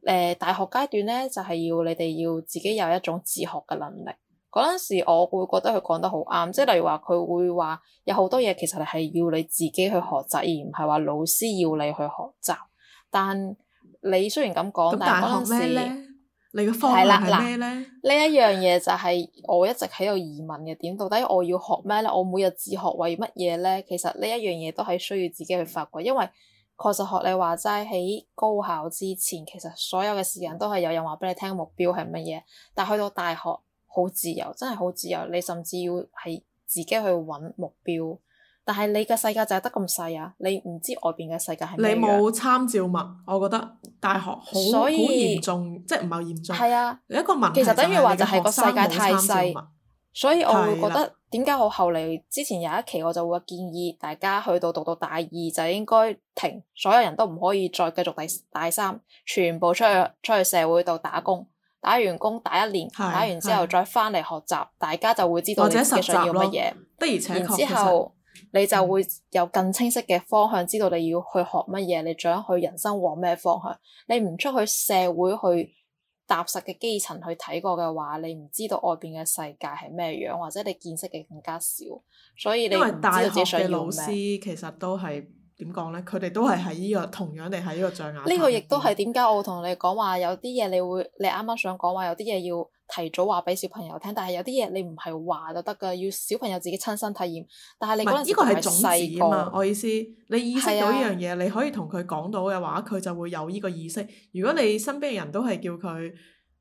誒、呃，大學階段咧就係、是、要你哋要自己有一種自學嘅能力。嗰陣時我會覺得佢講得好啱，即係例如話佢會話有好多嘢其實係要你自己去學習，而唔係話老師要你去學習。但你雖然咁講，但嗰陣時你嘅方法係咩咧？喃呢一樣嘢就係我一直喺度疑問嘅點，到底我要學咩咧？我每日自學為乜嘢咧？其實呢一樣嘢都係需要自己去發掘，因為。確實學你話齋，喺高考之前，其實所有嘅時間都係有人話畀你聽目標係乜嘢。但去到大學好自由，真係好自由。你甚至要係自己去搵目標。但係你嘅世界就係得咁細啊！你唔知外邊嘅世界係乜。你冇參照物，我覺得大學好好嚴重，即係唔係好嚴重。係啊，你一個文，其實等於話就係個世界太細，所以我會覺得。點解我後嚟之前有一期我就會建議大家去到讀到大二就應該停，所有人都唔可以再繼續大大三，全部出去出去社會度打工，打完工打一年，是打完之後再翻嚟學習，的大家就會知道你嘅想要乜嘢，然之後你就會有更清晰嘅方向，知道你要去學乜嘢，嗯、你想去人生往咩方向，你唔出去社會去。踏實嘅基層去睇過嘅話，你唔知道外邊嘅世界係咩樣，或者你見識嘅更加少，所以你大學唔知道自己想要咩。老師其實都係點講咧？佢哋都係喺呢個同樣地喺呢個象牙塔。呢 個亦都係點解我同你講話有啲嘢，你會你啱啱想講話有啲嘢要。提早話俾小朋友聽，但係有啲嘢你唔係話就得㗎，要小朋友自己親身體驗。但係你嗰陣時仲係細個，種子嘛我意思你意識到呢樣嘢，啊、你可以同佢講到嘅話，佢就會有呢個意識。如果你身邊嘅人都係叫佢，誒、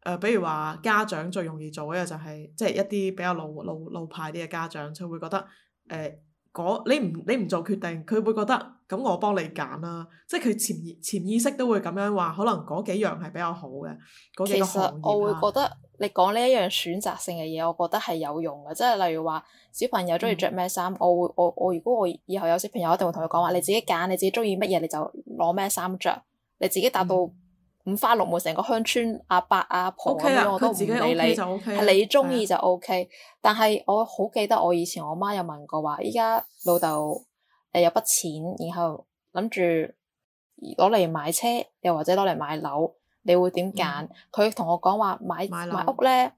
呃，比如話家長最容易做嘅就係、是，即、就、係、是、一啲比較老老,老派啲嘅家長，就會覺得誒嗰、呃、你唔你唔做決定，佢會覺得咁我幫你揀啦。即係佢潛潛意識都會咁樣話，可能嗰幾樣係比較好嘅嗰幾個行業其實我會覺得……你講呢一樣選擇性嘅嘢，我覺得係有用嘅。即係例如話，小朋友中意着咩衫，我會我我如果我以後有小朋友，我一定會同佢講話，你自己揀，你自己中意乜嘢你就攞咩衫着。」你自己達到五花六門，成個鄉村阿伯阿婆咁樣，我都唔理你，OK、你中意就 OK。但係我好記得我以前我媽有問過話，依家老豆誒有筆錢，然後諗住攞嚟買車，又或者攞嚟買樓。你會點揀？佢同、嗯、我講話買買，樓買屋咧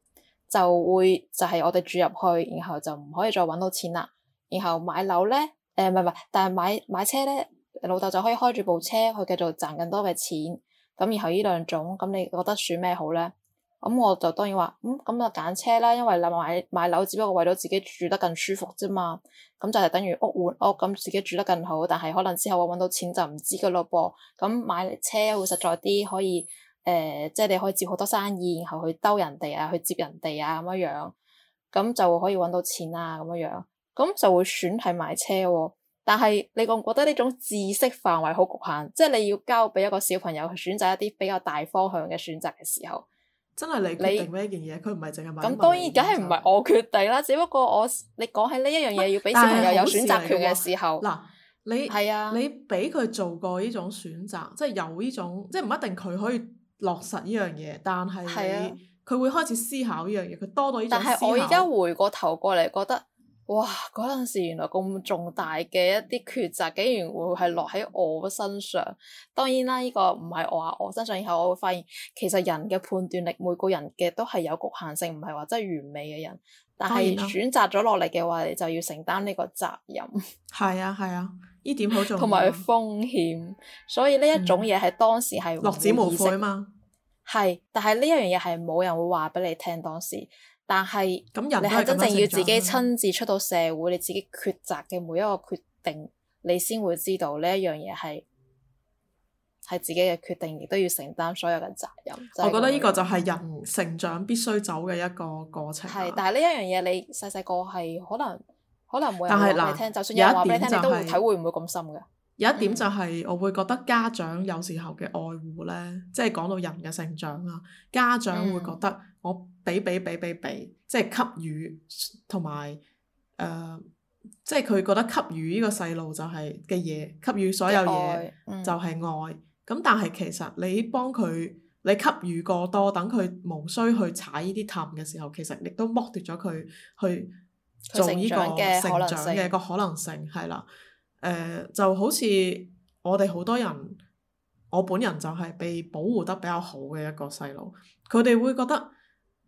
就會就係、是、我哋住入去，然後就唔可以再搵到錢啦。然後買樓咧，誒唔係唔係，但係買買車咧，老豆就可以開住部車去繼續賺更多嘅錢。咁然後呢兩種，咁你覺得選咩好咧？咁我就當然話咁咁啊揀車啦，因為你買買樓只不過為咗自己住得更舒服啫嘛。咁就係等於屋換，屋，咁自己住得更好，但係可能之後我搵到錢就唔知噶咯噃。咁買車會實在啲，可以。誒、呃，即係你可以接好多生意，然後去兜人哋啊，去接人哋啊咁樣樣，咁就可以搵到錢啊咁樣樣，咁就會選係買車、哦。但係你覺唔覺得呢種知識範圍好局限？即係你要交俾一個小朋友去選擇一啲比較大方向嘅選擇嘅時候，真係你決定咩呢件嘢？佢唔係淨係買車。咁當然梗係唔係我決定啦，只不過我你講起呢一樣嘢但 要俾小朋友有選擇權嘅時候，嗱、嗯，你係啊，你俾佢做過呢種選擇，即係有呢種，即係唔一定佢可以。落實呢樣嘢，但係佢會開始思考呢樣嘢，佢多到呢種。但係我而家回過頭過嚟覺得，哇！嗰陣時原來咁重大嘅一啲抉擇，竟然會係落喺我身上。當然啦，呢、呢個唔係我話我身上，以後我會發現其實人嘅判斷力，每個人嘅都係有局限性，唔係話真係完美嘅人。但係選擇咗落嚟嘅話，你就要承擔呢個責任。係啊，係啊，呢點好重要。同埋風險，所以呢一種嘢係當時係、嗯、落子無悔嘛。係，但係呢一樣嘢係冇人會話俾你聽當時。但係咁，你係真正要自己親自出到社會，你自己抉擇嘅每一個決定，你先會知道呢一樣嘢係。係自己嘅決定，亦都要承擔所有嘅責任。我覺得呢個就係人成長必須走嘅一個過程。係，但係呢一樣嘢，你細細個係可能可能冇人講你聽，就算有話俾你聽，你都會體會唔會咁深嘅？有一點就係我會覺得家長有時候嘅愛護呢，即係講到人嘅成長啊，家長會覺得我俾俾俾俾俾，即係給予同埋誒，即係佢覺得給予呢個細路就係嘅嘢，給予所有嘢就係愛。嗯。咁但係其實你幫佢，你給予過多，等佢無需去踩呢啲氹嘅時候，其實亦都剝奪咗佢去做呢個成長嘅一個可能性，係啦。誒、 呃、就好似我哋好多人，我本人就係被保護得比較好嘅一個細路，佢哋會覺得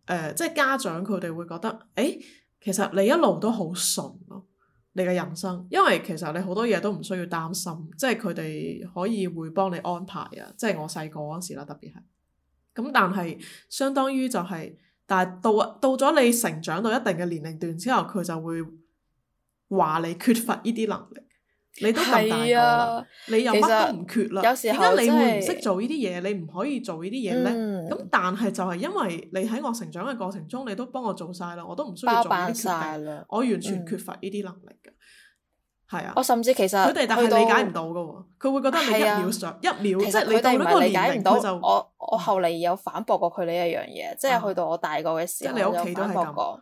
誒，即係家長佢哋會覺得，誒、呃欸、其實你一路都好純咯。你嘅人生，因為其實你好多嘢都唔需要擔心，即係佢哋可以會幫你安排啊，即係我細個嗰時啦，特別係，咁但係相當於就係、是，但係到到咗你成長到一定嘅年齡段之後，佢就會話你缺乏呢啲能力。你都咁大個啦，你又乜都唔缺啦。點解你會唔識做呢啲嘢？你唔可以做呢啲嘢咧？咁但係就係因為你喺我成長嘅過程中，你都幫我做晒啦，我都唔需要做呢啲。包辦晒啦！我完全缺乏呢啲能力嘅，係啊。我甚至其實佢哋但係理解唔到噶喎，佢會覺得你一秒上一秒即係你到咗個年齡，我就我我後嚟有反駁過佢呢一樣嘢，即係去到我大個嘅時候你屋企都係咁講，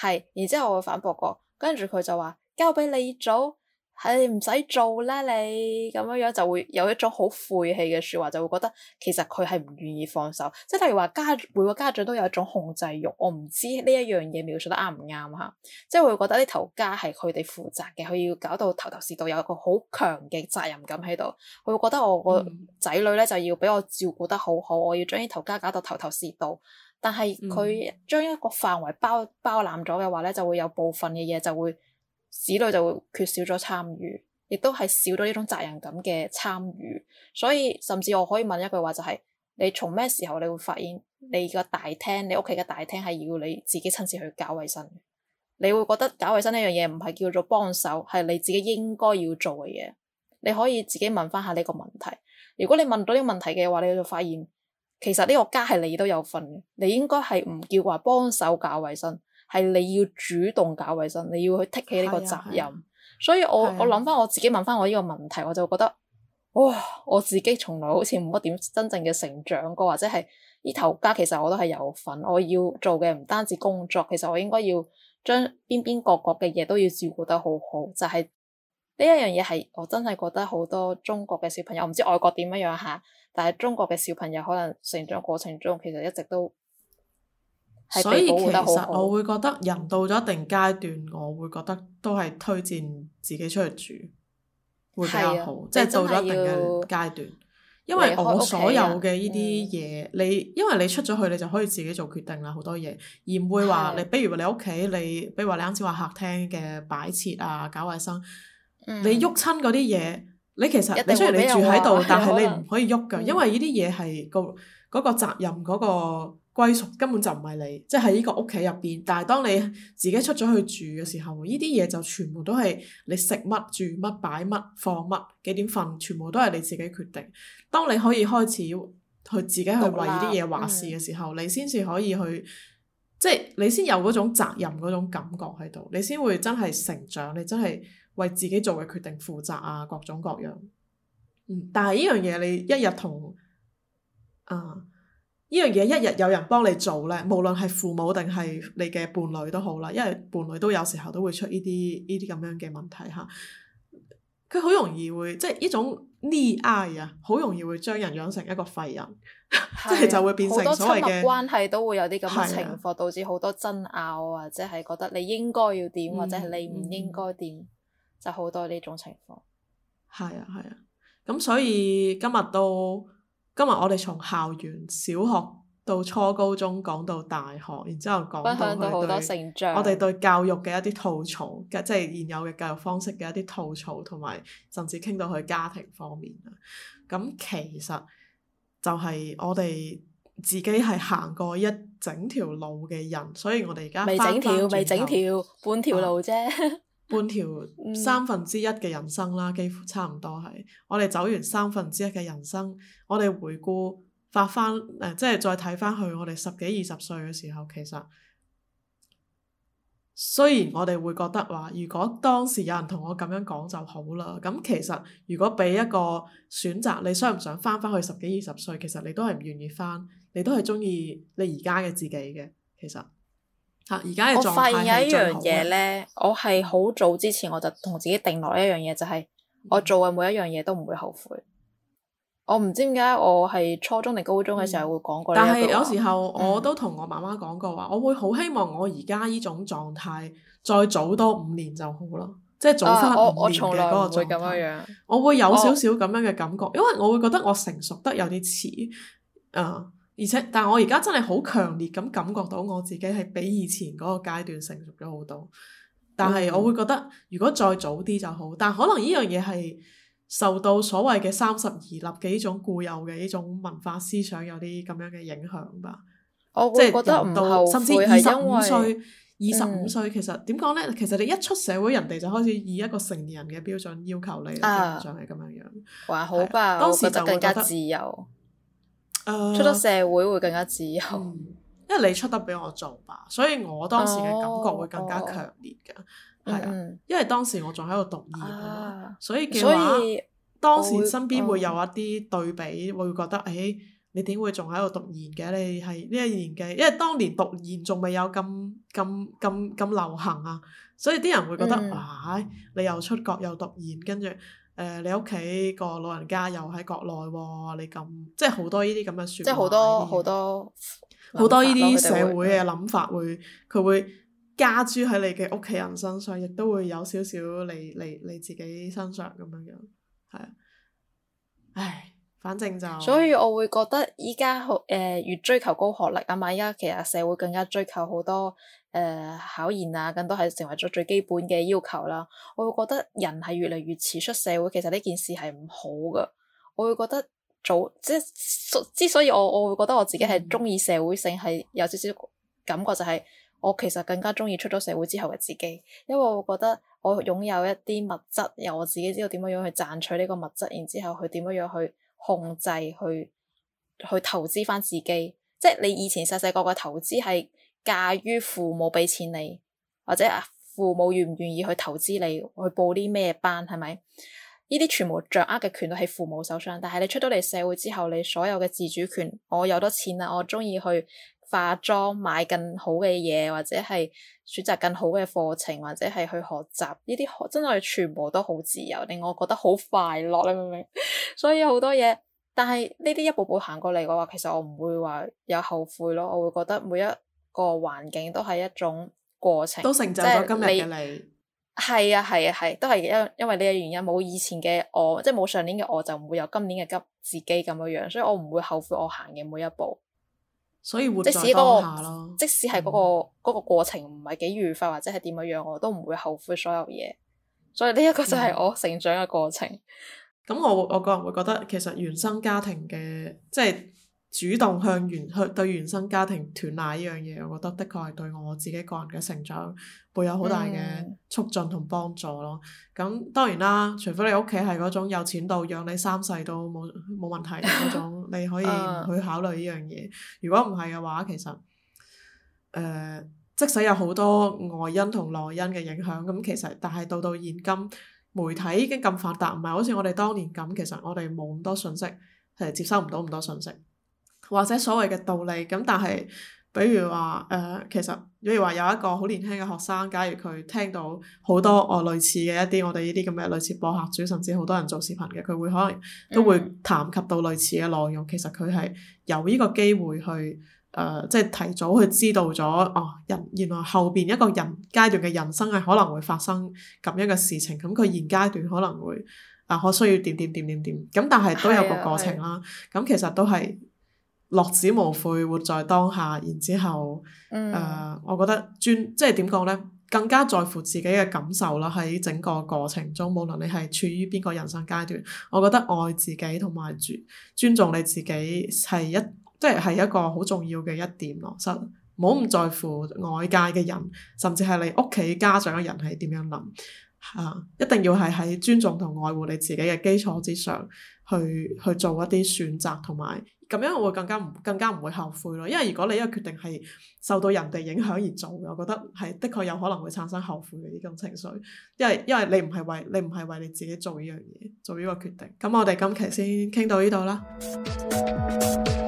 係。然之後我反駁過，跟住佢就話交俾你做。係唔使做啦，你咁樣樣就會有一種好晦氣嘅說話，就會覺得其實佢係唔願意放手。即係例如話家，每個家長都有一種控制欲，我唔知呢一樣嘢描述得啱唔啱吓。即係會覺得呢頭家係佢哋負責嘅，佢要搞到頭頭是道，有一個好強嘅責任感喺度。佢會覺得我個仔女咧、嗯、就要俾我照顧得好好，我要將呢頭家搞到頭頭是道。但係佢將一個範圍包包攬咗嘅話咧，就會有部分嘅嘢就會。子女就會缺少咗參與，亦都係少咗呢種責任感嘅參與，所以甚至我可以問一句話就係：你從咩時候你會發現你個大廳、你屋企嘅大廳係要你自己親自去搞衛生？你會覺得搞衛生呢樣嘢唔係叫做幫手，係你自己應該要做嘅嘢。你可以自己問翻下呢個問題。如果你問到呢個問題嘅話，你就發現其實呢個家係你都有份嘅，你應該係唔叫話幫手搞衛生。係你要主動搞衞生，你要去剔起呢個責任。啊啊、所以我、啊、我諗翻我自己問翻我呢個問題，我就覺得，哇、哦！我自己從來好似冇乜點真正嘅成長過，或者係呢頭家其實我都係有份。我要做嘅唔單止工作，其實我應該要將邊邊角角嘅嘢都要照顧得好好。就係呢一樣嘢係我真係覺得好多中國嘅小朋友，唔知外國點樣樣嚇，但係中國嘅小朋友可能成長過程中其實一直都。所以其實我會覺得人到咗一定階段，我會覺得都係推薦自己出去住會比較好，啊、即係到咗一定嘅階段。因為我所有嘅呢啲嘢，嗯、你因為你出咗去，你就可以自己做決定啦，好多嘢，而唔會話你，的你，你。比如話你屋企，你比如話你啱先話客廳嘅擺設啊，搞衞生，嗯、你喐親嗰啲嘢，你其實你雖然你住喺度，但係你唔可以喐㗎，嗯、因為呢啲嘢係個嗰、嗰個責任嗰、嗰個。歸屬根本就唔係你，即係喺呢個屋企入邊。但係當你自己出咗去住嘅時候，呢啲嘢就全部都係你，食乜、住乜、擺乜、放乜、幾點瞓，全部都係你自己決定。當你可以開始去自己去為啲嘢話事嘅時候，嗯，你先至可以去，即係，你先有嗰種責任嗰種感覺喺度，你先會真係成長，你真係為自己做嘅決定負責啊，各種各樣。嗯，但係呢樣嘢你一日同啊。呢樣嘢一日有人幫你做咧，無論係父母定係你嘅伴侶都好啦，因為伴侶都有時候都會出呢啲呢啲咁樣嘅問題嚇。佢好容易會即係呢種溺愛啊，好容易會將人養成一個廢人，即係對、啊、就，就會變成所謂嘅關係都會有啲咁嘅情況，導致好多爭拗對啊，即係覺得你應該要點或者係你唔應該點，嗯、就好多呢種情況。係、嗯、啊，啊，係啊，咁、啊、所以今日都。今日我哋從校園、小學到初高中講到大學，然之後講到我哋對我哋對教育嘅一啲吐槽，嗯、即係現有嘅教育方式嘅一啲吐槽，同埋甚至傾到佢家庭方面啊。咁其實就係我哋自己係行過一整條路嘅人，所以我哋而家未整條，未整條半條路啫。半條三分之一嘅人生啦，幾乎差唔多係。我哋走完三分之一嘅人生，我哋回顧發翻，誒、呃，即係再睇翻去我哋十幾二十歲嘅時候，其實雖然我哋會覺得話，如果當時有人同我咁樣講就好啦。咁其實如果俾一個選擇，你想唔想翻翻去十幾二十歲？其實你都係唔願意翻，你都係鍾意你而家嘅自己嘅，其實。我發現有一樣嘢咧，我係好早之前我就同自己定落一樣嘢，就係、係、我做嘅每一樣嘢都唔會後悔。我唔知點解我係初中定高中嘅時候、嗯、會講過話。但係有時候我都同我媽媽講過話，嗯、我會好希望我而家呢種狀態再早多五年就好咯，即係早翻五年嘅嗰個狀態。啊、我，我，會樣我會有少少咁樣嘅感覺，啊、因為我會覺得我成熟得有啲遲，啊。而且，但係我而家真係好強烈咁感覺到我自己係比以前嗰個階段成熟咗好多。但係我會覺得，如果再早啲就好。但可能呢樣嘢係受到所謂嘅三十而立嘅呢種固有嘅呢種文化思想有啲咁樣嘅影響吧。即係覺得唔後悔，甚至二十五歲二十五歲、嗯、其實點講咧？其實你一出社會，人哋就開始以一個成年人嘅標準要求你，啊、基本上係咁樣樣，話好吧，當時就更加自由。Uh, 出咗社會會更加自由，嗯、因為你出得俾我做吧，所以我當時嘅感覺會更加強烈嘅，係、oh, uh, 啊，um, 因為當時我仲喺度讀研，啊嘛。所以嘅話，所以當時身邊會有一啲對比，uh, 會覺得誒、欸，你點會仲喺度讀研嘅？你係呢一年嘅？因為當年讀研仲未有咁咁咁咁流行啊，所以啲人會覺得哇、um, 哎，你又出國又讀研，跟住。誒、呃，你屋企個老人家又喺國內喎，你咁即係好多呢啲咁嘅説話，即係好多好多好多呢啲社會嘅諗法會，佢會，會加諸喺你嘅屋企人身上，亦都會有少少你你你自己身上咁樣樣，係啊，唉，反正就所以我會覺得依家學誒越追求高學歷啊嘛，依家其實社會更加追求好多。誒，uh, 考研啊，更多係成為咗最基本嘅要求啦。我會覺得人係越嚟越遲出社會，其實呢件事係唔好噶。我會覺得早即係之所以我我會覺得我自己係中意社會性，係有少少感覺就係我其實更加中意出咗社會之後嘅自己，因為我覺得我擁有一啲物質，由我自己知道點樣樣去賺取呢個物質，然之後去點樣樣去控制去去投資翻自己。即係你以前細細個嘅投資係。架於父母俾錢你，或者父母願唔願意去投資你去報啲咩班，係咪？呢啲全部掌握嘅權都喺父母手上。但係你出到嚟社會之後，你所有嘅自主權，我有咗錢啦，我中意去化妝，買更好嘅嘢，或者係選擇更好嘅課程，或者係去學習，呢啲真係全部都好自由，令我覺得好快樂。你明唔明？所以好多嘢，但係呢啲一步步行過嚟嘅話，其實我唔會話有後悔咯。我會覺得每一個環境都係一種過程，都成就咗今日嘅你。係啊，係啊，係、啊啊，都係因因為你嘅原因，冇以前嘅我，即係冇上年嘅我，就唔會有今年嘅急自己咁樣樣，所以我唔會後悔我行嘅每一步。所以活在當下咯。即使係、那、嗰個嗰個過程唔係幾愉快，或者係點樣樣，我都唔會後悔所有嘢。所以呢一個就係我成長嘅過程。咁、嗯、我我個人會覺得，其實原生家庭嘅即係。主動向原去對原生家庭斷奶呢樣嘢，我覺得的確係對我自己個人嘅成長，會有好大嘅促進同幫助咯。咁、嗯、當然啦，除非你屋企係嗰種有錢到養你三世都冇冇問題嗰種，你可以去考慮呢樣嘢。 啊、如果唔係嘅話，其實誒、呃，即使有好多外因同內因嘅影響，咁其實但係到到現今，媒體已經咁發達，唔係好似我哋當年咁，其實我哋冇咁多信息，係接收唔到咁多信息。或者所謂嘅道理咁，但係，比如話，誒、呃，其實，比如話有一個好年輕嘅學生，假如佢聽到好多哦類似嘅一啲我哋呢啲咁嘅類似播客主，甚至好多人做視頻嘅，佢會可能都會談及到類似嘅內容。其實佢係有呢個機會去，誒、呃，即係提早去知道咗哦，人原來後邊一個人階段嘅人生係可能會發生咁樣嘅事情。咁佢現階段可能會啊、呃，可需要點點點點點。咁但係都有個過程啦。咁、啊、其實都係。落子無悔，活在當下，然之後，誒、嗯呃，我覺得尊即係點講咧，更加在乎自己嘅感受啦。喺整個過程中，無論你係處於邊個人生階段，我覺得愛自己同埋尊重你自己係一即係係一個好重要嘅一點咯。所以唔好唔在乎外界嘅人，甚至係你屋企家長嘅人係點樣諗啊，一定要係喺尊重同愛護你自己嘅基礎之上去去，去做一啲選擇同埋。咁樣我會更加唔更加唔會後悔咯，因為如果你呢個決定係受到人哋影響而做嘅，我覺得係的確有可能會產生後悔嘅呢種情緒。因為因為你唔係為你唔係為你自己做呢樣嘢做呢個決定。咁我哋今期先傾到呢度啦。